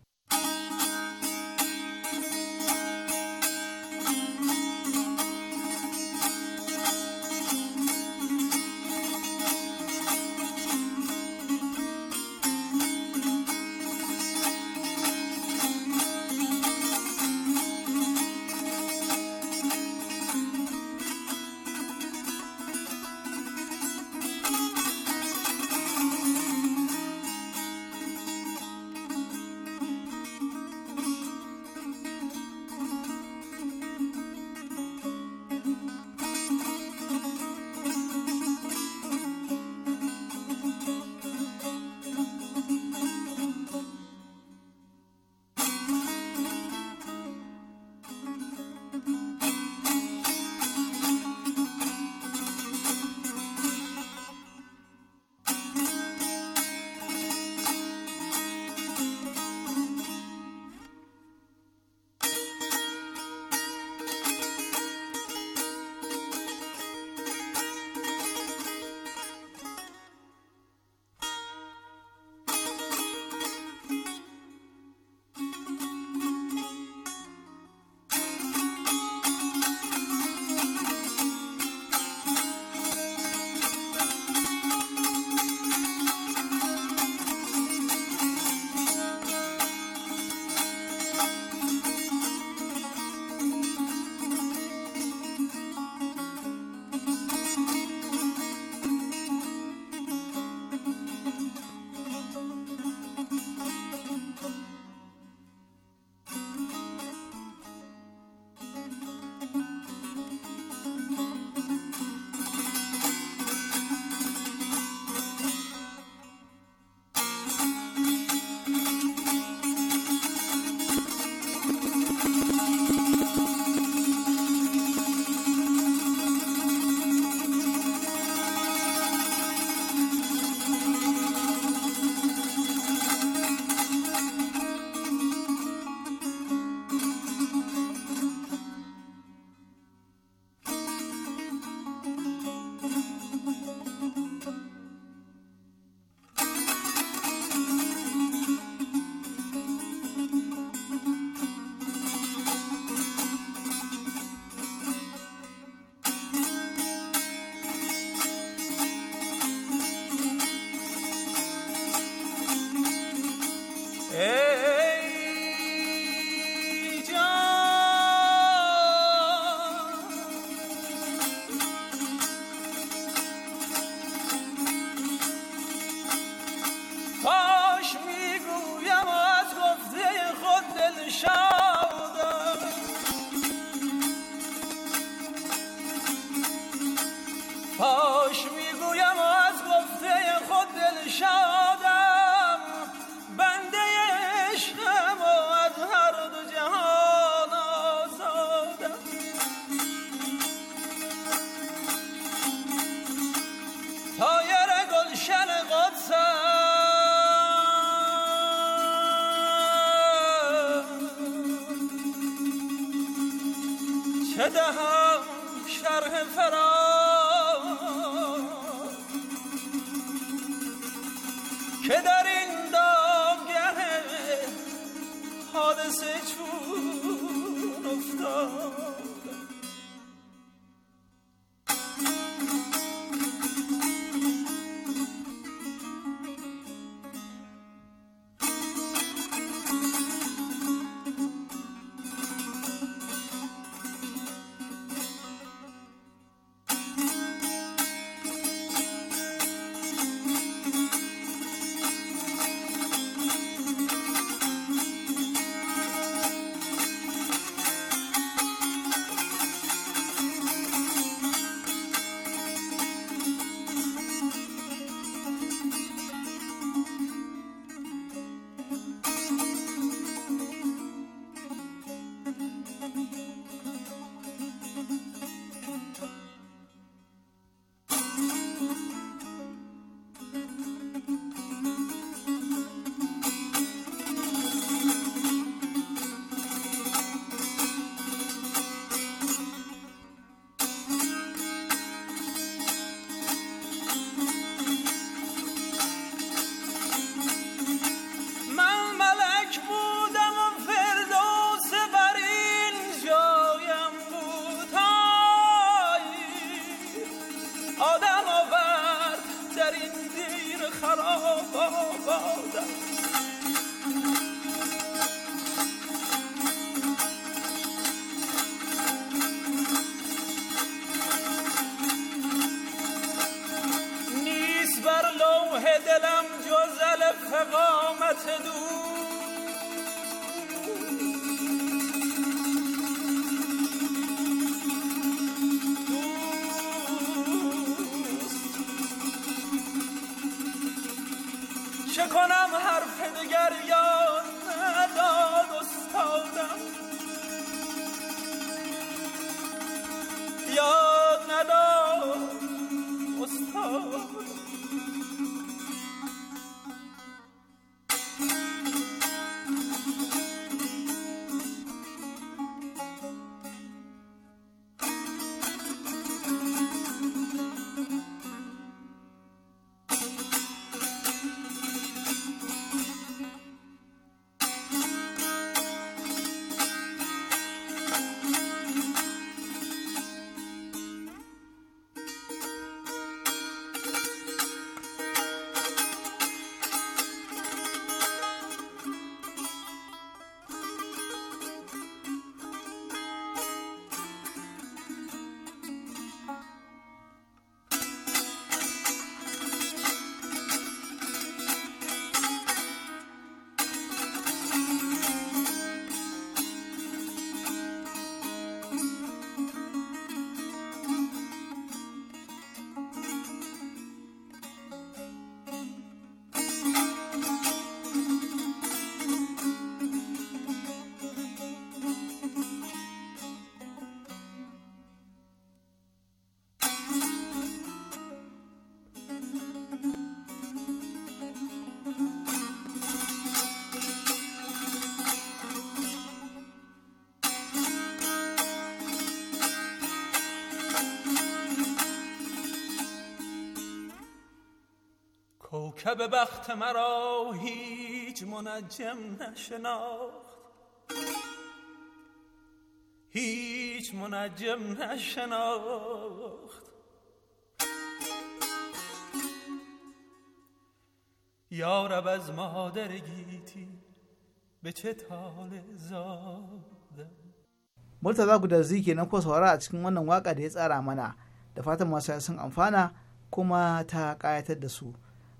Speaker 23: که به بخت مرا هیچ منجم نشناخت هیچ منجم نشناخت یارب از مادر گیتی به چه تال زادم
Speaker 1: Murtaza Gudarzi kenan ko saurara a cikin wannan waka da ya tsara mana da fatan masu sun amfana kuma ta ƙayatar da su.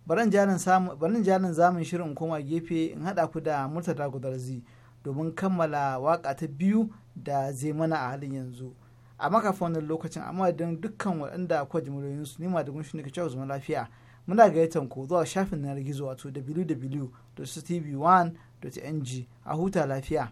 Speaker 1: barin jarin zamun shirin koma gefe in haɗa ku da murtala gudarzi domin kammala waka ta biyu da zai mana a halin yanzu a makafin lokacin amma don dukkan waɗanda kuwa su nima da gunshi ne ka lafiya muna gayyatar ku zuwa shafin na gizo wato www.tv1.ng a huta lafiya.